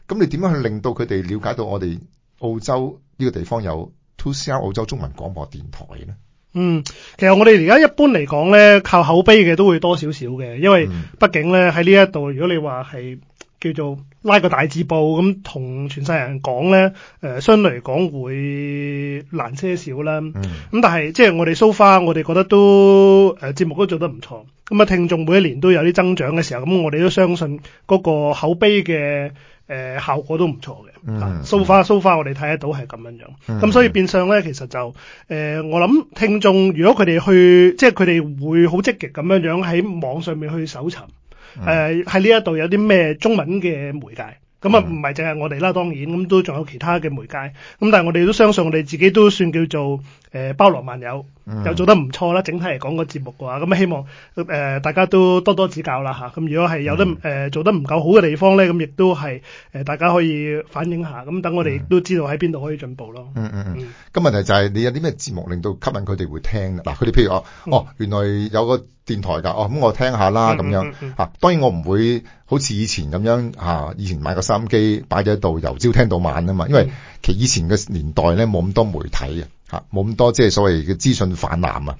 咁你點樣去令到佢哋了解到我哋澳洲呢個地方有 2CR 澳洲中文廣播電台咧？
嗯，其實我哋而家一般嚟講咧，靠口碑嘅都會多少少嘅，因為畢竟咧喺呢一度，如果你話係，叫做拉個大字報咁，同全世人講咧，誒相對嚟講會難些少啦。咁、嗯、但係即係我哋 so far，我哋覺得都誒、呃、節目都做得唔錯。咁啊聽眾每一年都有啲增長嘅時候，咁我哋都相信嗰個口碑嘅誒、呃、效果都唔錯嘅。so far so far，啊、so far, so far 我哋睇得到係咁樣樣。咁、嗯、所以變相咧，其實就誒、呃、我諗聽眾如果佢哋去，即係佢哋會好積極咁樣樣喺網上面去搜尋。誒喺呢一度有啲咩中文嘅媒介，咁啊唔係淨係我哋啦，當然咁都仲有其他嘅媒介，咁但係我哋都相信我哋自己都算叫做誒、呃、包羅萬有，
嗯、又做得
唔錯啦。整體嚟講個節目嘅話，咁希望誒、呃、大家都多多指教啦嚇。咁如果係有得誒、嗯呃、做得唔夠好嘅地方咧，咁亦都係誒、呃、大家可以反映下，咁等我哋都知道喺邊度可以進步咯。
嗯嗯嗯。咁、嗯嗯、問題就係你有啲咩節目令到吸引佢哋會聽嗱，佢、嗯、哋譬如哦，嗯、哦原來有個。電台噶哦，咁我聽下啦，咁樣吓，當然我唔會好似以前咁樣吓，啊，以前買個收音機擺咗喺度，由朝聽到晚啊嘛，因為、嗯、其以前嘅年代咧冇咁多媒體啊，吓冇咁多即係所謂嘅資訊泛濫啊，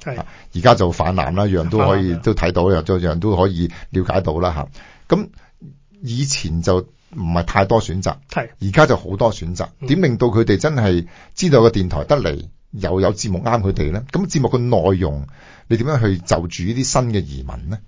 而家、啊、就泛濫啦，樣樣都可以都睇到，樣樣樣都可以了解到啦吓。咁、啊啊、以前就唔係太多選擇，而家就好多選擇，點、嗯、令到佢哋真係知道個電台得嚟又有節目啱佢哋咧？咁、嗯、節目嘅內容。你點樣去就住呢啲新嘅移民咧？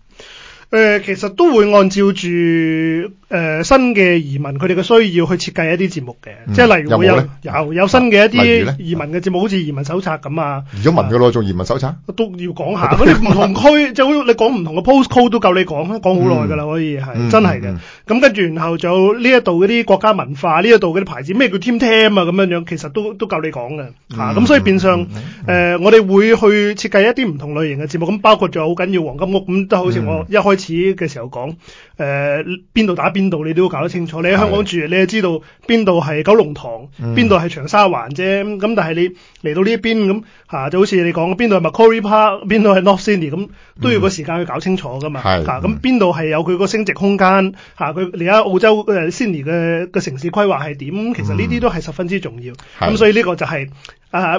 誒、呃，其實都會按照住誒、呃、新嘅移民佢哋嘅需要去設計一啲節目嘅、
嗯，即係例如會有有
有，有新嘅一啲移民嘅節目，好、啊、似移民手冊咁啊。
移民嘅咯，仲，移民手冊、
啊、都要講下。咁你唔同區 就好，你講唔同嘅 post code 都夠你講講好耐噶啦。可以
係、嗯、真係嘅。
咁跟住然後就呢一度嗰啲國家文化，呢一度嗰啲牌子，咩叫 team team 啊，咁樣樣其實都都夠你講嘅，咁所以變相誒、嗯嗯呃嗯，我哋會去設計一啲唔同類型嘅節目，咁、嗯、包括仲有好緊要黃金屋咁，即好似我一開。始嘅時候講，誒邊度打邊度，你都要搞得清楚。你喺香港住，你就知道邊度係九龍塘，邊度係長沙灣啫。咁、嗯、但係你嚟到呢一邊咁嚇、嗯啊，就好似你講邊度係 Macquarie Park，邊度係 North Sydney 咁、嗯嗯，都要個時間去搞清楚噶嘛。嚇咁邊度係有佢個升值空間嚇？佢喺澳洲誒、呃、Sydney 嘅嘅城市規劃係點？其實呢啲都係十分之重要。咁、嗯啊、所以呢個就係、是。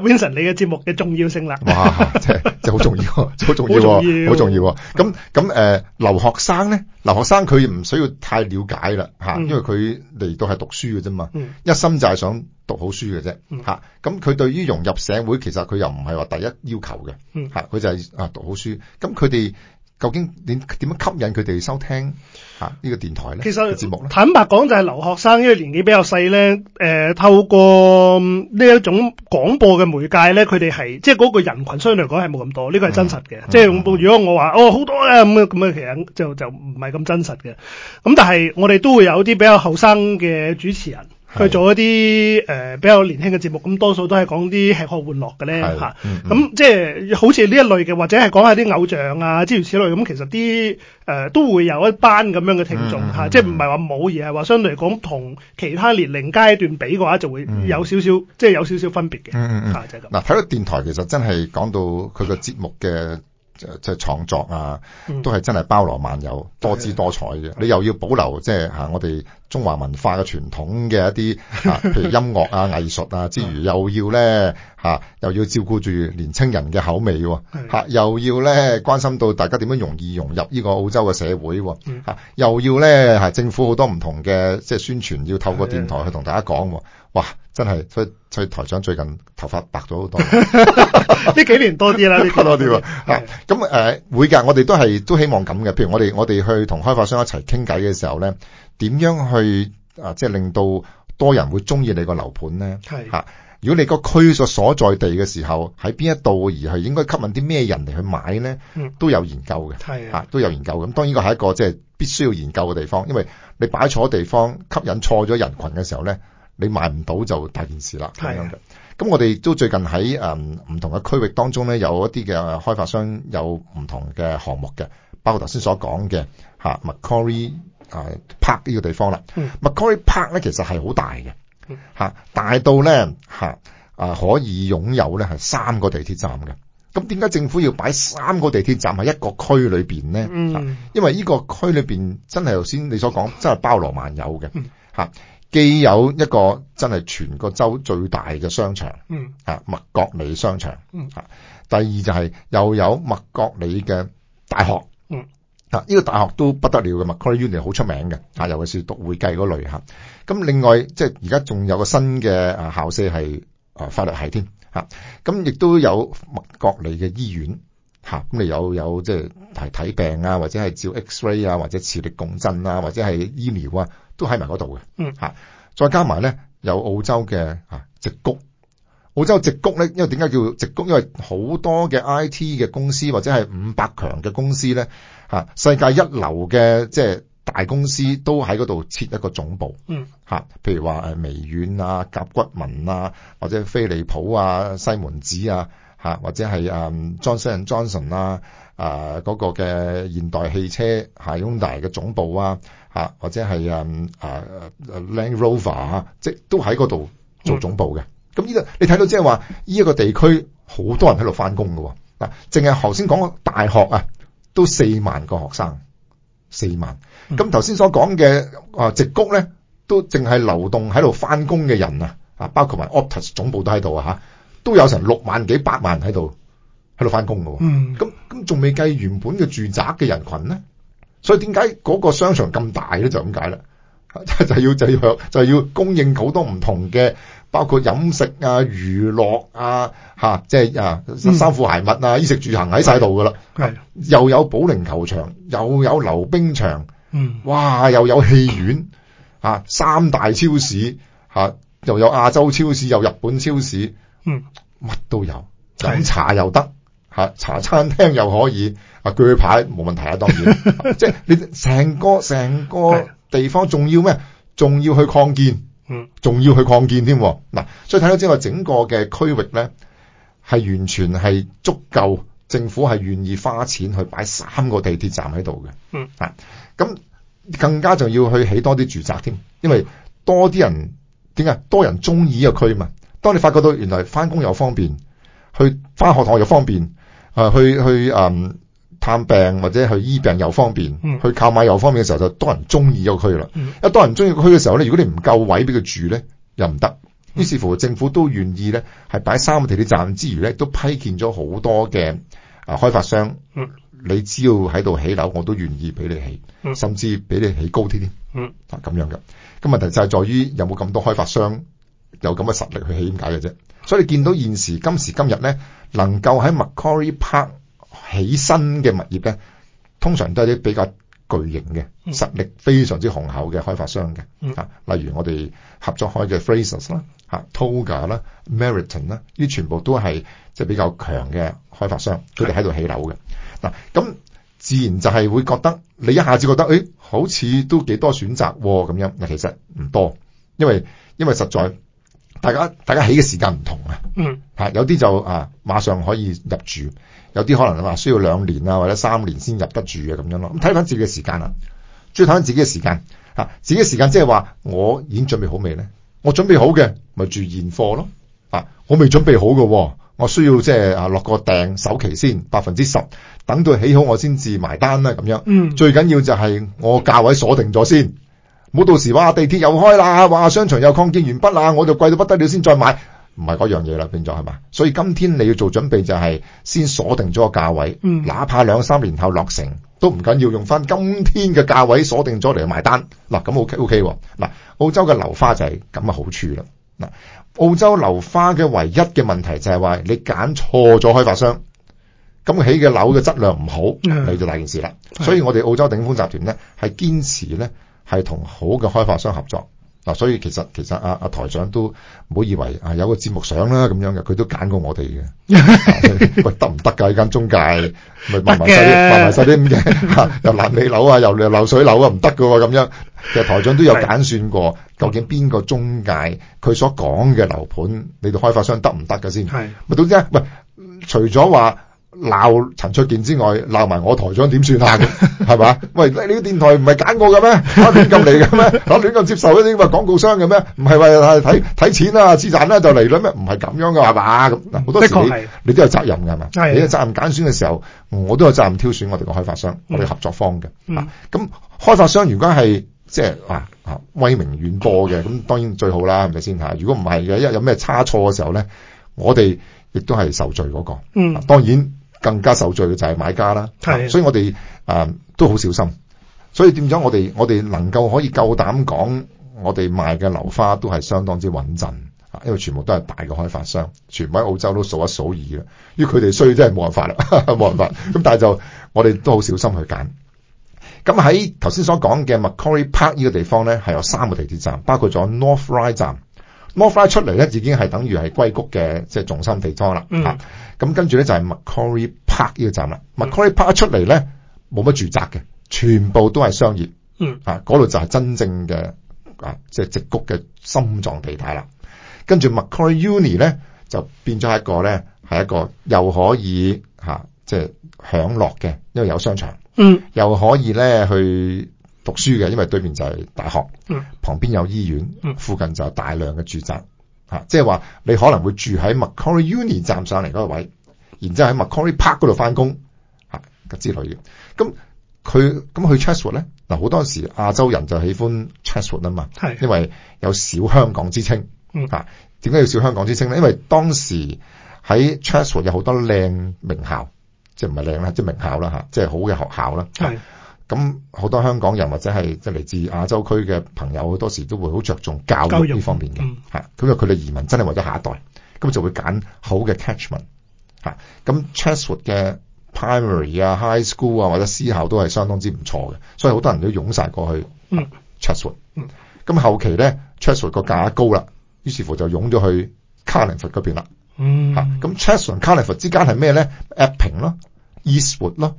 Winson 你嘅節目嘅重要性啦，
哇，即就好、係就係、重要，好 重要，好重要，咁咁誒，留學生咧，留學生佢唔需要太了解啦、嗯，因為佢嚟到係讀書嘅啫嘛，一心就係想讀好書嘅啫，咁、嗯、佢對於融入社會，其實佢又唔係話第一要求嘅，佢、嗯、就係啊讀好書，咁佢哋究竟你點樣吸引佢哋收聽？呢、這個電台咧，其實，節目咧，坦白講就係留學生，因為年紀比較細咧。誒、呃，
透過呢一種廣播嘅媒介咧，佢哋係即係嗰個人群相對嚟講係冇咁多，呢、這個係真實嘅、嗯。即係、嗯、如果我話哦好多咧咁樣咁樣，其實就就唔係咁真實嘅。咁、嗯、但係我哋都會有啲比較後生嘅主持人。佢做一啲誒、呃、比較年輕嘅節目，咁多數都係講啲吃喝玩樂嘅咧嚇。咁即係好似呢一類嘅，或者係講下啲偶像啊、諸如此類，咁其實啲誒、呃、都會有一班咁樣嘅聽眾嚇、嗯啊，即係唔係話冇而係話相對嚟講同其他年齡階段比嘅話，就會有少少、嗯、即係有少少
分別嘅嚇、嗯嗯啊，就係、是、咁。嗱，睇到電台其實真係講到佢個節目嘅。即係創作啊，都係真係包羅萬有、嗯、多姿多彩嘅。你又要保留即係、嚇啊、我哋中華文化嘅傳統嘅一啲、啊、譬如音樂啊、 藝術啊之餘，又要呢、啊，又要照顧住年青人嘅口味喎、啊。又要呢，關心到大家點樣容易融入呢個澳洲嘅社會喎、啊啊。又要呢，政府好多唔同嘅即、係、宣傳，要透過電台去同大家講喎、啊。哇！真係，所以所以台長最近頭髮白咗好多。呢 幾年多啲啦，呢幾年多啲啊。咁誒、呃、會噶，我哋都係都希望咁嘅。譬如我哋我哋去同開發商一齊傾偈嘅時候咧，點樣去啊？即、就、係、是、令到多人會中意你個樓盤咧。係吓、啊，如果你個區所，所在地嘅時候喺邊一度而係應該吸引啲咩人嚟去買咧、嗯，都有研究嘅。係啊，都有研究。咁當然，個係一個即係必須要研究嘅地方，因為你擺錯地方，吸引錯咗人群嘅時候咧。你買唔到就大件事啦，咁咁我哋都最近喺誒唔同嘅區域當中咧，有一啲嘅開發商有唔同嘅項目嘅，包括頭先所講嘅吓 Macquarie 啊，啊 Park 呢個地方啦。Macquarie Park 咧其實係好大嘅，吓、啊、大到咧吓啊，啊可以擁有咧係三個地鐵站嘅。咁點解政府要擺三個地鐵站喺一個區裏邊咧、嗯啊？因為呢個區裏邊真係頭先你所講真係包羅萬有嘅，吓、嗯。啊既有一個真係全個州最大嘅商場，嗯，麥國里商場，嗯，第二就係又有麥國里嘅大學，嗯呢、啊呢個大學都不得了嘅，麥國裏 University 好出名嘅，啊，尤其是讀會計嗰類咁、啊、另外即係而家仲有個新嘅校舍係啊法律系添，咁亦都有麥國里嘅醫院。嚇，咁你有有即係睇病啊，或者係照 X ray 啊，或者磁力共振啊，或者係醫療啊，都喺埋嗰度嘅。嗯。嚇，再加埋咧有澳洲嘅啊直谷，澳洲直谷咧，因為點解叫直谷？因為好多嘅 I T 嘅公司或者係五百強嘅公司咧，嚇，世界一流嘅即係大公司都喺嗰度設一個總部。嗯。嚇，譬如話誒微軟啊、甲骨文啊，或者飛利浦啊、西門子啊。吓、啊、或者係啊、嗯、Johnson Johnson 啊，啊嗰、嗰個嘅現代汽車係 Hyundai 嘅總部啊，吓、啊、或者係、嗯、啊啊 Land Rover 啊，啊即都喺嗰度做總部嘅。咁呢度你睇到即係話呢一個地區好多人喺度翻工噶，嗱、啊，淨係頭先講大學啊，都四萬個學生，四萬。咁頭先所講嘅啊直谷咧，都淨係流動喺度翻工嘅人啊，啊包括埋 Optus 總部都喺度啊吓。都有成六萬幾百萬人喺度喺度翻工喎。咁咁仲未計原本嘅住宅嘅人群咧。所以點解嗰個商場咁大咧？就咁解啦，就係要、就要、就要供應好多唔同嘅，包括飲食啊、娛樂啊、即係啊衫褲鞋襪啊，物啊、嗯、衣食住行喺晒度㗎啦。又有保齡球場，又有溜冰場，嗯，哇，又有戲院嚇，三大超市嚇、啊，又有亞洲超市，又有日本超市。嗯，乜都有，飲茶又得，吓，茶餐廳又可以，啊鋸牌冇問題啊，當然，即 係你成個成個地方仲要咩？仲要去擴建，嗯，仲要去擴建添，嗱、啊，所以睇咗之外，整個嘅區域咧，係完全係足夠政府係願意花錢去擺三個地鐵站喺度嘅，嗯、啊，吓咁更加仲要去起多啲住宅添，因為多啲人點解？多人中意呢個區嘛。當你發覺到原來，返工又方便，去返學堂又方便，啊去去、嗯、探病或者去醫病又方便，嗯、去購買又方便嘅時候，就多人中意呢個區啦。一、嗯、多人中意個區嘅時候咧，如果你唔夠位俾佢住咧，又唔得。於、嗯、是乎，政府都願意咧，係擺三個地鐵站之餘咧，都批建咗好多嘅啊開發商。嗯、你只要喺度起樓，我都願意俾你起，甚至俾你起高啲啲、嗯。啊咁樣嘅。咁問題就係在於有冇咁多開發商？有咁嘅實力去起點解嘅啫？所以你見到現時今時今日咧，能夠喺 Macquarie Park 起新嘅物業咧，通常都係啲比較巨型嘅實力非常之雄厚嘅開發商嘅、啊、例如我哋合作開嘅 Frasers 啦、啊、Toga 啦、啊、Meriton 啦、啊，呢全部都係即、即係、比較強嘅開發商，佢哋喺度起樓嘅嗱。咁、啊、自然就係會覺得你一下子覺得、哎、好似都幾多選擇喎、啊、咁樣嗱。其實唔多，因為因為實在。大家大家起嘅時間唔同啊，有啲就啊馬上可以入住，有啲可能需要兩年啊或者三年先入得住嘅咁樣咯。咁睇翻自己嘅時間啦，主要睇翻自己嘅時間，自己嘅時間即係話我已經準備好未咧？我準備好嘅咪住現貨咯，啊我未準備好嘅，我需要即係啊落個訂首期先百分之十，等到起好我先至埋單啦咁樣。最緊要就係我價位鎖定咗先。冇到時話，地鐵又開啦，話，商場又擴建完畢啦，我就貴到不得了先再買，唔係嗰樣嘢啦，變咗係嘛？所以今天你要做準備就係先鎖定咗個價位、嗯，哪怕兩三年後落成都唔緊要，用翻今天嘅價位鎖定咗嚟埋單嗱，咁 OK OK 喎嗱。澳洲嘅樓花就係咁嘅好處啦嗱。澳洲樓花嘅唯一嘅問題就係話你揀錯咗開發商，咁起嘅樓嘅質量唔好，你、嗯、就大件事啦。所以我哋澳洲頂峰集團咧係堅持咧。係同好嘅開發商合作嗱、啊，所以其實其實阿、啊、阿、啊、台長都唔好以為啊有個節目相啦咁樣嘅，佢都揀過我哋嘅、 啊、喂，得唔得㗎？呢間中介咪賣埋晒啲賣埋晒啲咁嘅又爛尾樓啊，又、啊、流水樓不啊，唔得㗎喎咁樣。其實台長都有揀算過，是究竟邊個中介佢所講嘅樓盤，你哋開發商得唔得㗎先係咪？總之啊，唔、啊、除咗話。鬧陳焯楗之外，鬧埋我台長點算啊？嘅係嘛？喂，你啲電台唔係揀過嘅咩？我亂咁嚟嘅咩？我亂咁接受一啲咪廣告商嘅咩？唔係話睇睇錢啦、啊，資產咧就嚟率咩？唔係咁樣嘅係嘛？咁好多時候你，你都有責任㗎嘛？你嘅責任揀選嘅時候，我都有責任挑選我哋個開發商，嗯、我哋合作方嘅。咁、嗯啊、開發商如果係即係啊，啊威名遠播嘅，咁當然最好啦，係咪先嚇？如果唔係嘅，一有咩差錯嘅時候咧，我哋亦都係受罪嗰、那個、啊啊。當然。更加受罪嘅就係買家啦、啊，所以我哋啊、呃、都好小心，所以點解我哋我哋能夠可以夠膽講我哋賣嘅樓花都係相當之穩陣，啊，因為全部都係大嘅開發商，全部喺澳洲都數一數二嘅，於佢哋衰真係冇辦法啦，冇辦法，咁 但係就我哋都好小心去揀。咁喺頭先所講嘅 Macquarie Park 呢個地方咧，係有三個地鐵站，包括咗 North Ryde 站。Norwest 出嚟咧，已經係等於係硅谷嘅即係重心地方啦。咁、嗯啊、跟住咧就係 Macquarie Park 呢個站啦、嗯。Macquarie Park 一出嚟咧，冇乜住宅嘅，全部都係商業。嗯。嗰、啊、度就係真正嘅啊，即、就、係、是、直谷嘅心臟地帶啦。跟住 Macquarie Uni 咧，就變咗一個咧，係一個又可以即係、啊就是、享樂嘅，因為有商場。嗯。又可以咧去讀書嘅，因為對面就係大學，嗯，旁邊有醫院，嗯、附近就有大量嘅住宅，即係話你可能會住喺 Macquarie Uni 站上嚟嗰個位，然之後喺 Macquarie Park 嗰度翻工嚇嘅之類嘅。咁佢咁去 Chatswood 咧，嗱、啊、好多時亞洲人就喜歡 Chatswood 啊嘛，因為有小香港之稱，點解要小香港之稱咧？因為當時喺 Chatswood 有好多靚名校，即係唔係靚啦，即、就、係、是、名校啦，即係好嘅學校啦。啊咁好多香港人或者係即係嚟自亞洲區嘅朋友，好多時都會好着重教育呢方面嘅。咁因為佢哋移民真係為咗下一代，咁就會揀好嘅 catchment 咁 Chatswood 嘅 primary 啊、high school 啊或者私校都係相當之唔錯嘅，所以好多人都湧曬過去。Chatswood、嗯。咁、啊嗯啊、後期咧，Chatswood 個價高啦，於是乎就湧咗去 Carlingford 嗰邊啦。咁、嗯、Chatswood 同 Carlingford 之間係咩咧？Epping 咯，Eastwood 咯。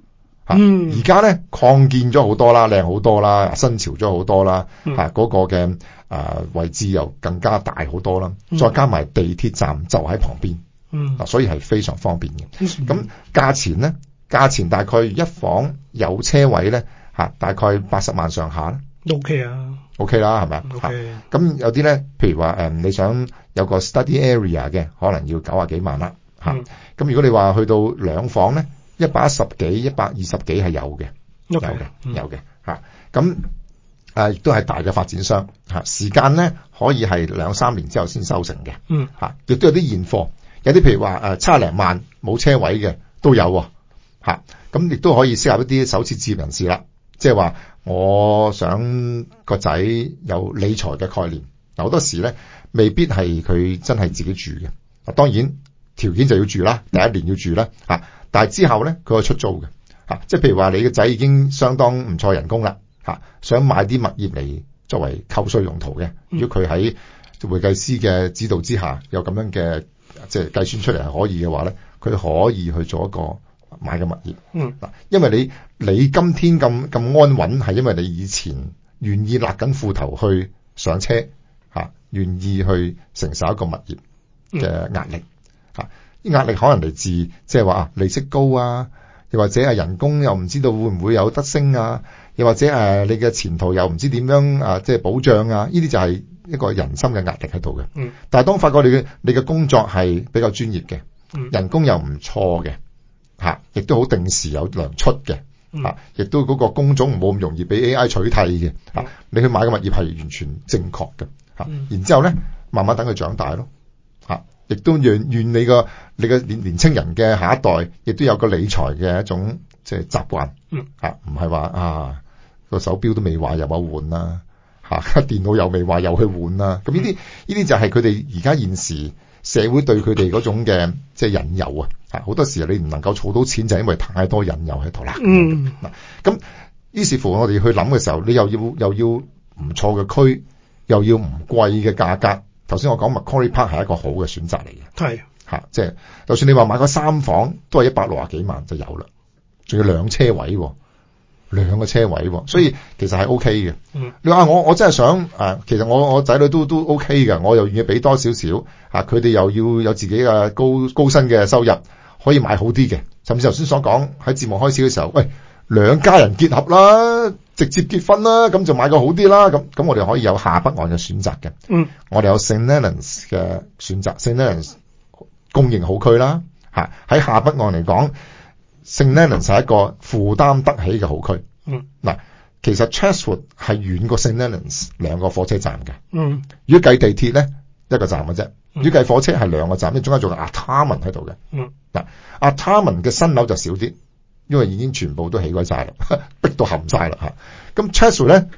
嗯，而家咧擴建咗好多啦，靚好多啦，新潮咗好多啦，嚇、嗯、嗰、啊那個嘅、呃、位置又更加大好多啦，嗯、再加埋地鐵站就喺旁邊，嗯，啊、所以係非常方便嘅。咁、嗯、價錢咧，價錢大概一房有車位咧、啊，大概八十萬上下啦，
都 OK
啊，OK 啦，係咪？OK。咁有啲咧，譬如話、嗯、你想有個 study area 嘅，可能要九啊幾萬啦，嚇、啊。咁、嗯、如果你話去到兩房咧？一百十幾、一百二十幾係有嘅，okay, 有嘅嗯有嘅啊啊、都有嘅，有嘅嚇咁。誒，亦都係大嘅發展商、啊、時間咧可以係兩三年之後先收成嘅，嚇、啊、亦都有啲現貨，有啲譬如話、啊、差零萬冇車位嘅都有嚇、啊。咁、啊、亦、啊、都可以適合一啲首次置業人士啦。即係話，就是、我想個仔有理財嘅概念嗱，好、啊、多時咧未必係佢真係自己住嘅、啊。當然條件就要住啦，第一年要住啦嚇但係之後咧，佢可以出租嘅，嚇、啊，即係譬如話，你嘅仔已經相當唔錯人工啦、啊，想買啲物業嚟作為扣稅用途嘅、嗯。如果佢喺會計師嘅指導之下，有咁樣嘅即係計算出嚟係可以嘅話咧，佢可以去做一個買嘅物業。嗯。嗱，因為你你今天咁咁安穩，係因為你以前願意勒緊褲頭去上車、啊，願意去承受一個物業嘅壓力，嗯啊壓力可能嚟自，即係話啊，利息高啊，又或者係人工又唔知道會唔會有得升啊，又或者、啊、你嘅前途又唔知點樣啊，即係保障啊，呢啲就係一個人心嘅壓力喺度嘅。嗯。但係當發覺你嘅你嘅工作係比較專業嘅、嗯，人工又唔錯嘅，亦、啊、都好定時有糧出嘅，亦、啊、都嗰個工種冇咁容易俾 AI 取替嘅、啊，你去買嘅物業係完全正確嘅、啊啊嗯，然之後咧，慢慢等佢長大咯，啊。亦都願願，願你個你個年年青人嘅下一代，亦都有個理財嘅一種即、係、習慣。嗯，唔係話啊個手錶都未壞又冇換啦、啊，電腦又未壞又去換啦。咁呢啲呢啲就係佢哋而家現時社會對佢哋嗰種嘅即係引誘啊。好多時候你唔能夠儲到錢，就係因為太多引誘喺度啦。嗯、啊，嗱咁於是乎我哋去諗嘅時候，你又要又要唔錯嘅區，又要唔貴嘅價格。頭先我講 Macquarie Park 係一個好嘅選擇嚟嘅，係嚇，即、啊、係、就是、就算你話買個三房都係一百六十幾萬就有啦，仲要兩車位喎、哦，兩個車位喎、哦，所以其實係 O K 嘅。嗯，你話我我真係想誒、啊，其實我我仔女都都 O K 嘅，我又願意俾多少少嚇，佢、啊、哋又要有自己嘅高高薪嘅收入，可以買好啲嘅。甚至頭先所講喺節目開始嘅時候，喂。兩家人結合啦，直接結婚啦，咁就買個好啲啦。咁咁我哋可以有下北岸嘅選擇嘅。嗯，我哋有 St Leonards 嘅選擇，St Leonards 供應好區啦。喺下北岸嚟講、嗯，St Leonards 係一個負擔得起嘅好區。嗯，嗱，其實 Chatswood 係遠過 St Leonards 兩個火車站嘅。嗯，如果計地鐵咧，一個站嘅啫、嗯。如果計火車係兩個站，因為中間仲有 Artarmon 喺度嘅。嗯，嗱，Artarmon 嘅新樓就少啲。因為已經全部都起鬼晒啦，逼到冚晒啦嚇。咁 Chatswood 咧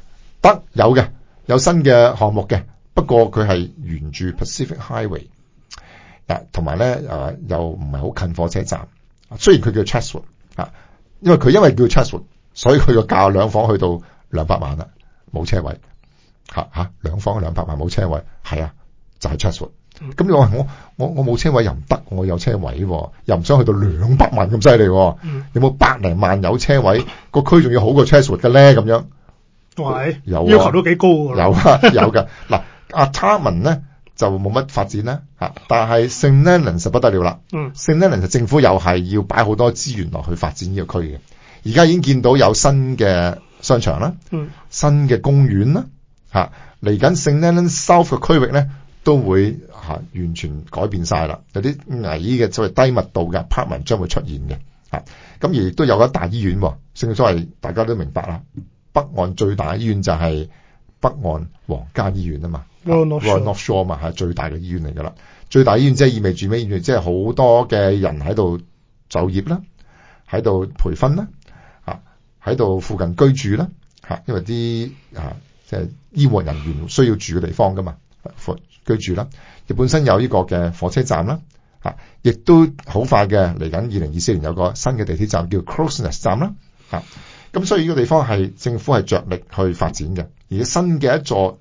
得有嘅，有新嘅項目嘅。不過佢係沿住 Pacific Highway，誒同埋咧又唔係好近火車站。啊、雖然佢叫 Chatswood、啊、因為佢因為叫 Chatswood 所以佢個價兩房去到兩百萬啦，冇車位，兩房兩百萬冇車位，係啊，啊，啊，就係、是、Chatswood 咁你話我我我冇車位又唔得，我有車位喎，又唔想去到兩百萬咁犀利喎。有冇百零萬有車位個區，仲要好過 Chatswood 嘅咧？咁樣，
有？要求都幾
高㗎。有啊，有㗎嗱。阿 Artarmon 咧就冇乜發展啦嚇，但係 St Leonards 就不得了啦。嗯，St Leonards 就政府又係要擺好多資源落去發展呢個區嘅。而家已經見到有新嘅商場啦，新嘅公園啦嚇，嚟緊 St Leonards South 嘅區域咧都會。完全改變曬啦！有啲矮嘅，所謂低密度嘅 pattern 將會出現嘅咁、啊、而亦都有一大醫院，正所謂大家都明白啦。北岸最大醫院就係北岸皇家醫院啊嘛
Royal North
Shore 嘛係最大嘅醫院嚟㗎啦。最大醫院即係意味住咩？意味即係好多嘅人喺度就業啦，喺度培訓啦，喺度附近居住啦、啊、因為啲啊即係、就是、醫護人員需要住嘅地方㗎嘛、啊，居住啦。亦本身有呢個嘅火車站啦、啊，嚇，亦都好快嘅嚟緊二零二四年有一個新嘅地鐵站叫 Crows Nest 站啦、啊，嚇、啊。咁所以呢個地方係政府係着力去發展嘅，而新嘅一座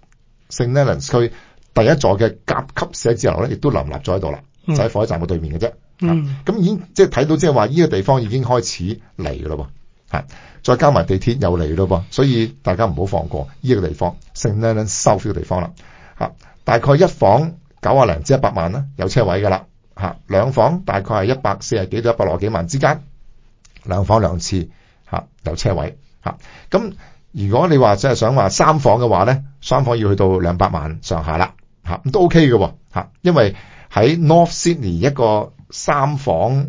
St. Leonards 區第一座嘅甲級寫字樓咧，亦都林立咗喺度啦，就喺、是、火車站嘅對面嘅啫。咁、啊、已經即係睇到，即係話依個地方已經開始嚟嘅咯喎，再加埋地鐵又嚟咯噃，所以大家唔好放過依個地方，St. Leonards South 嘅地方啦，嚇、啊。大概一房。九啊零至一百萬啦，有車位噶啦，吓，兩房大概係一百四十幾到一百六十幾萬之間，兩房兩次，吓，有車位，吓。咁如果你話即係想話三房嘅話咧，三房要去到兩百萬上下啦，吓，咁都 OK 嘅，吓，因為喺 North Sydney 一個三房，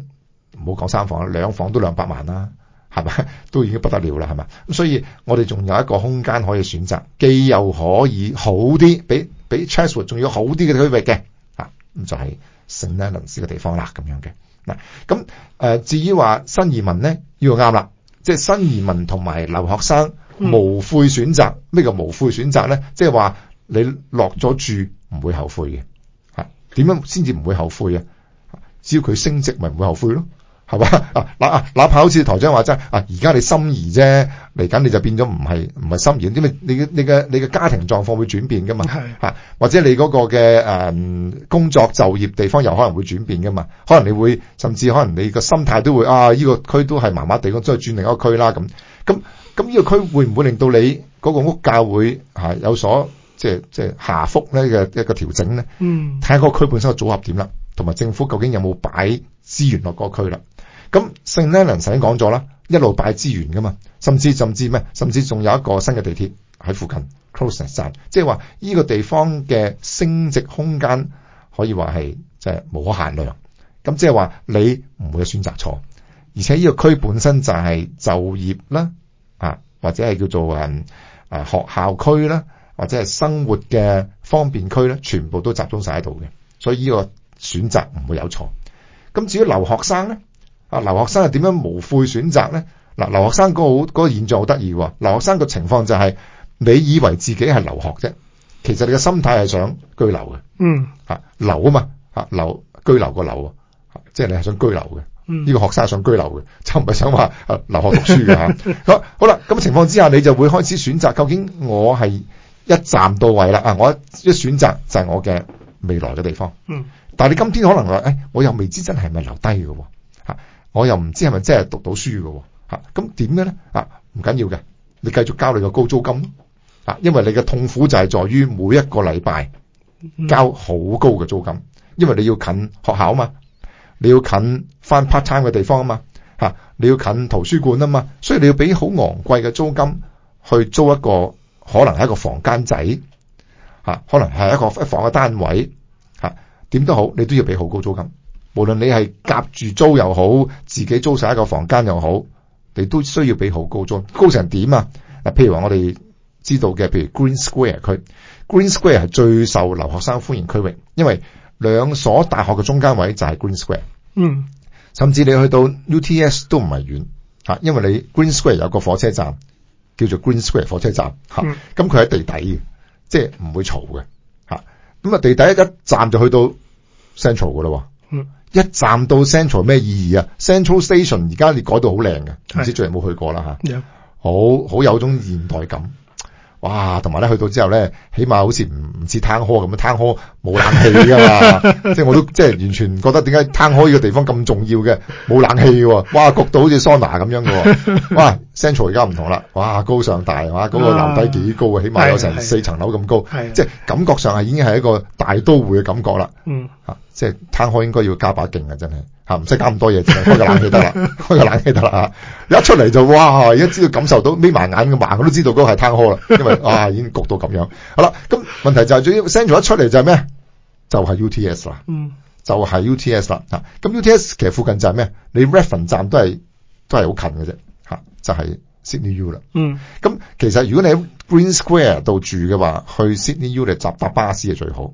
唔好講三房啦，兩房都兩百萬啦，係咪都已經不得了啦，係嘛，咁所以我哋仲有一個空間可以選擇，既又可以好啲，俾。比 Chatswood 仲要好啲嘅區域嘅，咁、啊、就係 St Leonards 嘅地方啦，咁樣嘅嗱，咁、呃、至於話新移民咧，要啱啦，即係新移民同埋留學生無悔選擇，咩、嗯、叫無悔選擇咧？即係話你落咗住唔會後悔嘅，點樣先至唔會後悔啊？只要佢升值，咪唔會後悔咯。係 嘛啊？嗱啊，嗱，哪怕好似台長話齋。啊，而家你心怡啫，嚟緊你就變咗唔係唔係心儀。因為你嘅你嘅你嘅家庭狀況會轉變噶嘛？係吓、啊，或者你嗰個嘅誒、嗯、工作就業地方又可能會轉變噶嘛？可能你會甚至可能你個心態都會啊，呢、這個區都係麻麻地咁，走、就、去、是、轉另一個區啦。咁咁咁，呢個區會唔會令到你嗰個屋價會係、啊、有所即係即係下幅咧嘅一個調整咧？嗯，睇下個區本身個組合點啦，同埋政府究竟有冇擺資源落嗰個區啦。咁 St Leonards，使講咗啦，一路擺資源噶嘛，甚至甚至咩？甚至仲有一個新嘅地鐵喺附近，Crows Nest 站，即係話呢個地方嘅升值空間可以話係即係無可限量。咁即係話你唔會有選擇錯，而且呢個區本身就係就業啦啊，或者係叫做學校區啦，或者係生活嘅方便區咧，全部都集中晒喺度嘅，所以呢個選擇唔會有錯。咁至於留學生咧？啊！留學生係點樣無悔選擇咧？嗱，留學生個好嗰、嗰個現象好得意喎。留學生個情況就係、是，你以為自己係留學啫，其實你嘅心態係想居留嘅。
嗯，
吓、啊、留啊嘛，吓、啊、留居留個留喎、啊，即係你係想居留嘅。呢、嗯呢個學生係想居留嘅，就唔係想話、啊、留學讀書嘅吓、啊。 好啦，咁情況之下，你就會開始選擇。究竟我係一站到位啦？啊，我一選擇就係我嘅未來嘅地方。嗯，但係你今天可能誒、哎，我又未知真係咪留低嘅喎。我又唔知係咪真係讀到書嘅，吓咁點咧咧？唔緊要嘅，你繼續交你個高租金囉！因為你嘅痛苦就係在於每一個禮拜交好高嘅租金，因為你要近學校啊嘛，你要近返 part time 嘅地方啊嘛，吓、啊、你要近圖書館啊嘛，所以你要俾好昂貴嘅租金去租一個可能係一個房間仔，吓、啊、可能係一個一房嘅單位，吓、啊、點都好，你都要俾好高租金。無論你係夾住租又好，自己租晒一個房間又好，你都需要俾好高租，高成點啊？嗱，譬如話我哋知道嘅，譬如 Green Square 區，Green Square 係最受留學生歡迎區域，因為兩所大學嘅中間位就係 Green Square。嗯。甚至你去到 UTS 都唔係遠吓，因為你 Green Square 有個火車站叫做 Green Square 火車站吓，咁佢喺地底嘅，即係唔會嘈嘅吓，咁啊地底一一站就去到 Central 噶喇喎。嗯。一站到 central 咩意義啊？Central Station 而家你改到好靚嘅，唔知最近有冇去過啦、
yeah.
啊、好好有種現代感。哇！同埋咧，去到之後咧，起碼好似唔唔似 Town Hall 咁樣，Town Hall 冇冷氣㗎嘛、啊。 即係我都即係完全覺得點解 Town Hall 呢個地方咁重要嘅冇冷氣喎、啊？哇！焗到好似桑拿咁樣嘅喎、啊。 哇！Central 而家唔同啦，哇！高上大嗰、那個樓底幾高啊？起碼有成四層樓咁高，啊啊啊、即係、啊、感覺上係已經係一個大都會嘅感覺啦。嗯。啊即係攤開應該要加把勁嘅、啊，真係唔使加咁多嘢，只開個冷氣得啦， 開個冷氣得啦、啊、一出嚟就哇，一知道感受到眯埋眼嘅話，我都知道嗰個係攤開啦，因為啊已經焗到咁樣。好、啊、啦，咁問題就係、是、最主要 Central 一出嚟就係咩？就係、是、U T S 啦，嗯，就係、是、U T S 啦嚇。咁、啊、U T S 其實附近就係咩？你 Redfern 站都係都係好近嘅啫、啊、就係、是、Sydney U 啦，嗯。咁、啊、其實如果你喺 Green Square 度住嘅話，去 Sydney U 嚟搭搭巴士係最好。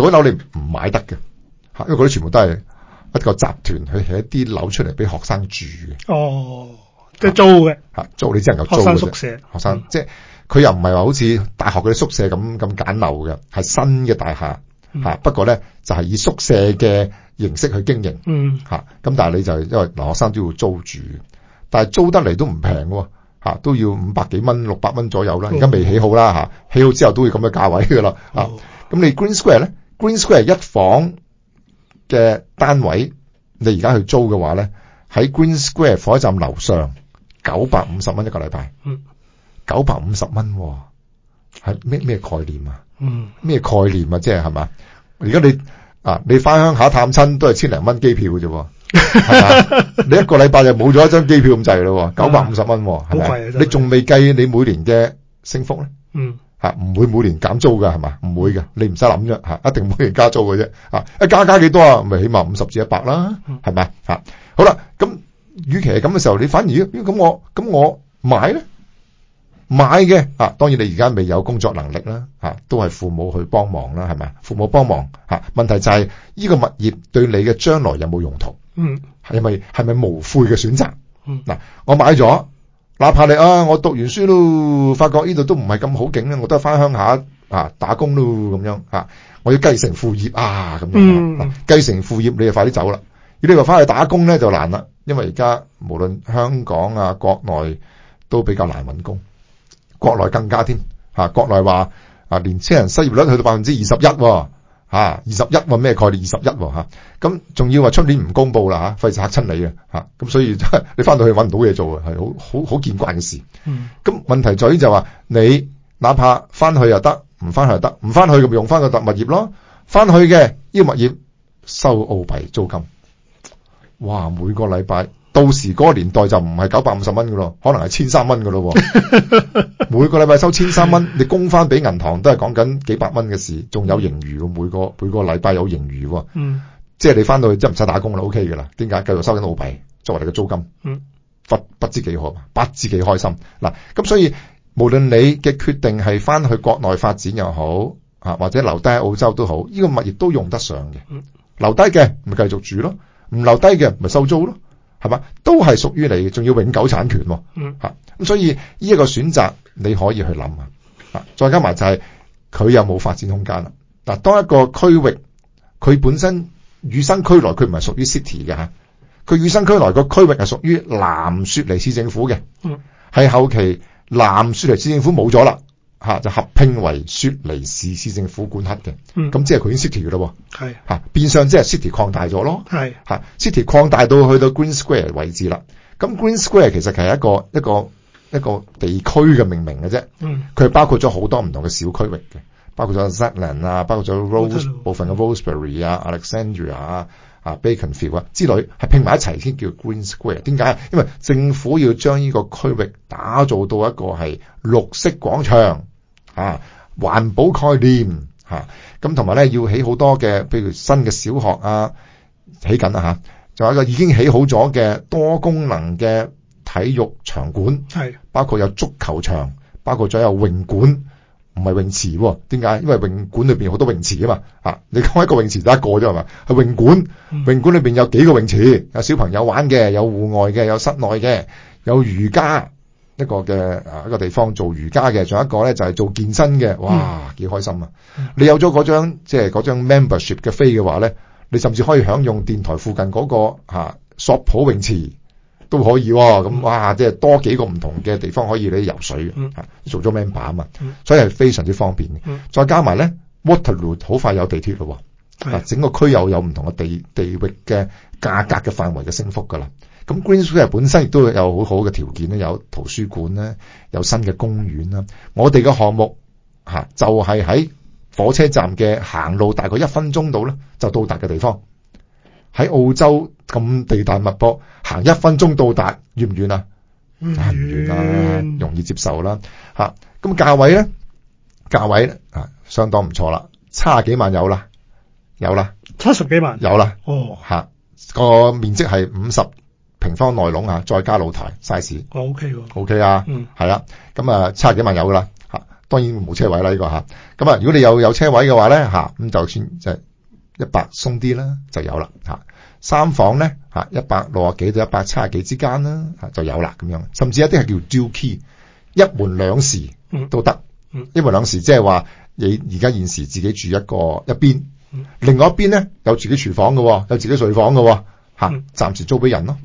嗰、那個、樓你唔買得嘅嚇，因為嗰啲全部都係一個集團去起啲樓出嚟俾學生住嘅。哦，即、就、係、是、租嘅嚇，租你只能夠租嘅學生宿舍，學生即係佢又唔係話好似大學嗰啲宿舍咁咁簡陋嘅，係新嘅大廈嚇、嗯。不過咧就係、是、以宿舍嘅形式去經營嚇咁、嗯，但係你就因為留學生都要租住，但係租得嚟都唔平喎，都要五百幾蚊六百蚊左右啦。而、哦、家未起好啦嚇，起好之後都會咁嘅價位㗎啦啊。咁、哦、你 Green Square 咧？Green Square 係一房嘅單位，你而家去租嘅話咧，喺 Green Square 火車站樓上九百五十蚊一個禮拜。嗯，九百五十蚊喎，係咩咩概念啊？
嗯，
咩概念啊？即係係嘛？而家你啊，你返鄉下探親都係千零蚊機票嘅啫喎，係嘛？你一個禮拜就冇咗一張機票咁滯咯，九百五十蚊喎，係咪？好貴啊！你仲未計你每年嘅升幅咧？嗯。吓、啊，唔會每年減租噶，係嘛？唔會㗎，你唔使諗啫。一定每年加租嘅啫、啊。加加幾多啊？咪起碼五十至一百啦，係、嗯、咪、啊？好啦，咁與其係咁嘅時候，你反而，咁、啊、我，咁我買咧？買嘅、啊，當然你而家未有工作能力啦，啊、都係父母去幫忙啦，係咪？父母幫忙，啊、問題就係、是、呢、呢個物業對你嘅將來有冇用途？嗯
是
是，係咪係咪無悔嘅選擇？嗱、嗯啊，我買咗。哪怕你啊，我讀完書囉，發覺呢度都唔係咁好景咧，我都係翻鄉下啊打工咯咁樣，啊、我要繼承父業啊咁樣啊。繼承父業，你就快啲走啦！如果你話翻去打工咧就難啦，因為而家無論香港啊、國內都比較難揾工，國內更加添，啊、國內話啊年青人失業率去到百分之二十一。啊啊，二十一喎咩概念？二十一喎吓，咁仲要話出年唔公布啦吓，費事吓親你啊吓，咁所以你翻到去揾唔到嘢做啊，係好好好見慣嘅事。咁、嗯、問題在於就話、是、你哪怕翻去又得，唔翻去又得，唔翻去咁用翻個特物業咯，翻去嘅呢個物業收澳幣租金，哇，每個禮拜。到時嗰個年代就唔係九百五十蚊㗎咯，可能係千三蚊㗎咯。每個禮拜收千三蚊，你供翻俾銀行都係講緊幾百蚊嘅事，仲有盈餘喎。每個每個禮拜有盈餘，嗯，即係你翻到去即係唔使打工啦，O K 噶啦。點解？繼續收緊澳幣作為你嘅租金，嗯，不不知幾好，不知幾開心嗱。咁所以無論你嘅決定係翻去國內發展又好啊，或者留低喺澳洲都好，呢個物業都用得上嘅。留低嘅咪繼續住咯，唔留低嘅咪收租咯。係嘛？都係屬於你仲要永久產權喎、啊。嗯。嚇、啊，咁所以呢一個選擇你可以去諗啊。啊，再加埋就係佢有冇發展空間啦。嗱、啊，當一個區域佢本身與生俱來佢唔係屬於 city 嘅嚇，佢、啊、與生俱來個區域係屬於南雪梨市政府嘅。嗯。係後期南雪梨市政府冇咗啦。就合併為雪梨市市政府管轄嘅，咁、嗯、即係佢已經 city 嘅咯喎，變相即係 city 擴大咗咯，係 city 擴大到去到 Green Square 嘅位置啦，咁 Green Square 其實係一個一個一個地區嘅命名嘅啫，佢、嗯、包括咗好多唔同嘅小區域嘅，包括咗 Zetland 啊，包括咗 Rose 部分嘅 Rosebery 啊、Alexandria 啊、啊 Baconfield 之類，係拼埋一齊先叫 Green Square。點解？因為政府要將呢個區域打造到一個係綠色廣場。啊，環保概念嚇，咁同埋咧要起好多嘅，譬如新嘅小學啊，起緊啊。嚇，就有一個已經起好咗嘅多功能嘅體育場館，係包括有足球場，包括咗有泳館，唔係泳池喎，點解？因為泳館裏邊好多泳池啊嘛，啊，你講一個泳池得一個啫係嘛？係泳館，嗯、泳館裏邊有幾個泳池，有小朋友玩嘅，有戶外嘅，有室內嘅，有瑜伽。一個嘅啊，一個地方做瑜伽嘅，仲有一個咧就係、是、做健身嘅，哇，幾、嗯、開心啊！你有咗嗰張即係嗰張 membership 嘅飛嘅話咧，你甚至可以享用電台附近嗰、那個吓、啊、索普泳池都可以喎、哦。咁、嗯嗯、哇，即、就、係、是、多幾個唔同嘅地方可以你游水吓、嗯、做咗 member 啊嘛，所以係非常之方便。再加埋咧 Waterloo 好快有地鐵咯。整個區又有唔同嘅地地域嘅價格嘅範圍嘅升幅㗎啦。咁 Green Square 本身亦都有好好嘅條件咧，有圖書館咧，有新嘅公園啦。我哋嘅項目嚇就係喺火車站嘅行路大概一分鐘到咧就到達嘅地方。喺澳洲咁地大物博，行一分鐘到達遠唔遠啊？唔遠，遠，遠，容易接受啦嚇。咁價位咧價位呢啊，相當唔錯啦，差幾萬有啦。有啦、哦啊哦 okay okay 啊嗯啊，七十幾萬有啦。哦，吓，個面積係五十平方內籠嚇，再加露台 size。
OK 喎
，OK 啊，係啦。咁啊，七十幾萬有噶啦吓。當然冇車位啦呢個吓，咁啊，如果你有有車位嘅話咧吓，咁、啊、就算就100，鬆一百鬆啲啦，就有啦、啊、三房咧一百六十幾到一百七十幾之間啦、啊、就有啦咁樣。甚至一啲係叫 Dual Key，一門兩匙都得、嗯嗯。一門兩匙即係話你而家現時自己住一個一邊。另外一邊咧有自己廚房嘅，哦，有自己睡房嘅、哦，吓、啊、暫時租俾人咯、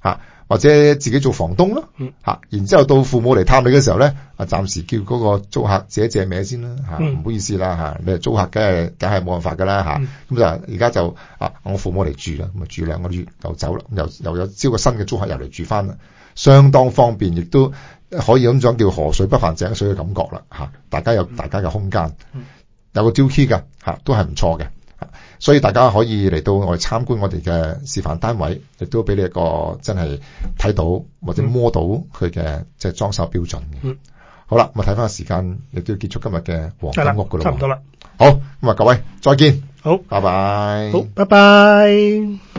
啊，吓、啊、或者自己做房東咯、啊，吓、啊、然之後到父母嚟探你嘅時候咧，啊暫時叫嗰個租客借借名先啦、啊，吓、啊、唔、嗯、好意思啦吓、啊、你係租客嘅，梗係冇辦法噶啦吓，咁、啊嗯、就而家就啊我父母嚟住啦，咁啊住兩個月又走啦，又又有招個新嘅租客入嚟住翻啦，相當方便，亦都可以咁講叫河水不犯井水嘅感覺啦，吓、啊、大家有大家嘅空間。嗯嗯有個 duke 噶，吓，都係唔錯嘅，所以大家可以嚟到我哋參觀我哋嘅示範單位，亦都俾你一個真係睇到或者摸到佢嘅、嗯、即係裝修標準嘅。嗯，好啦，我睇翻個時間，亦都要結束今日嘅黃金屋噶啦，差唔多啦。好，咁啊，各位再見，好，拜拜，好，
拜拜。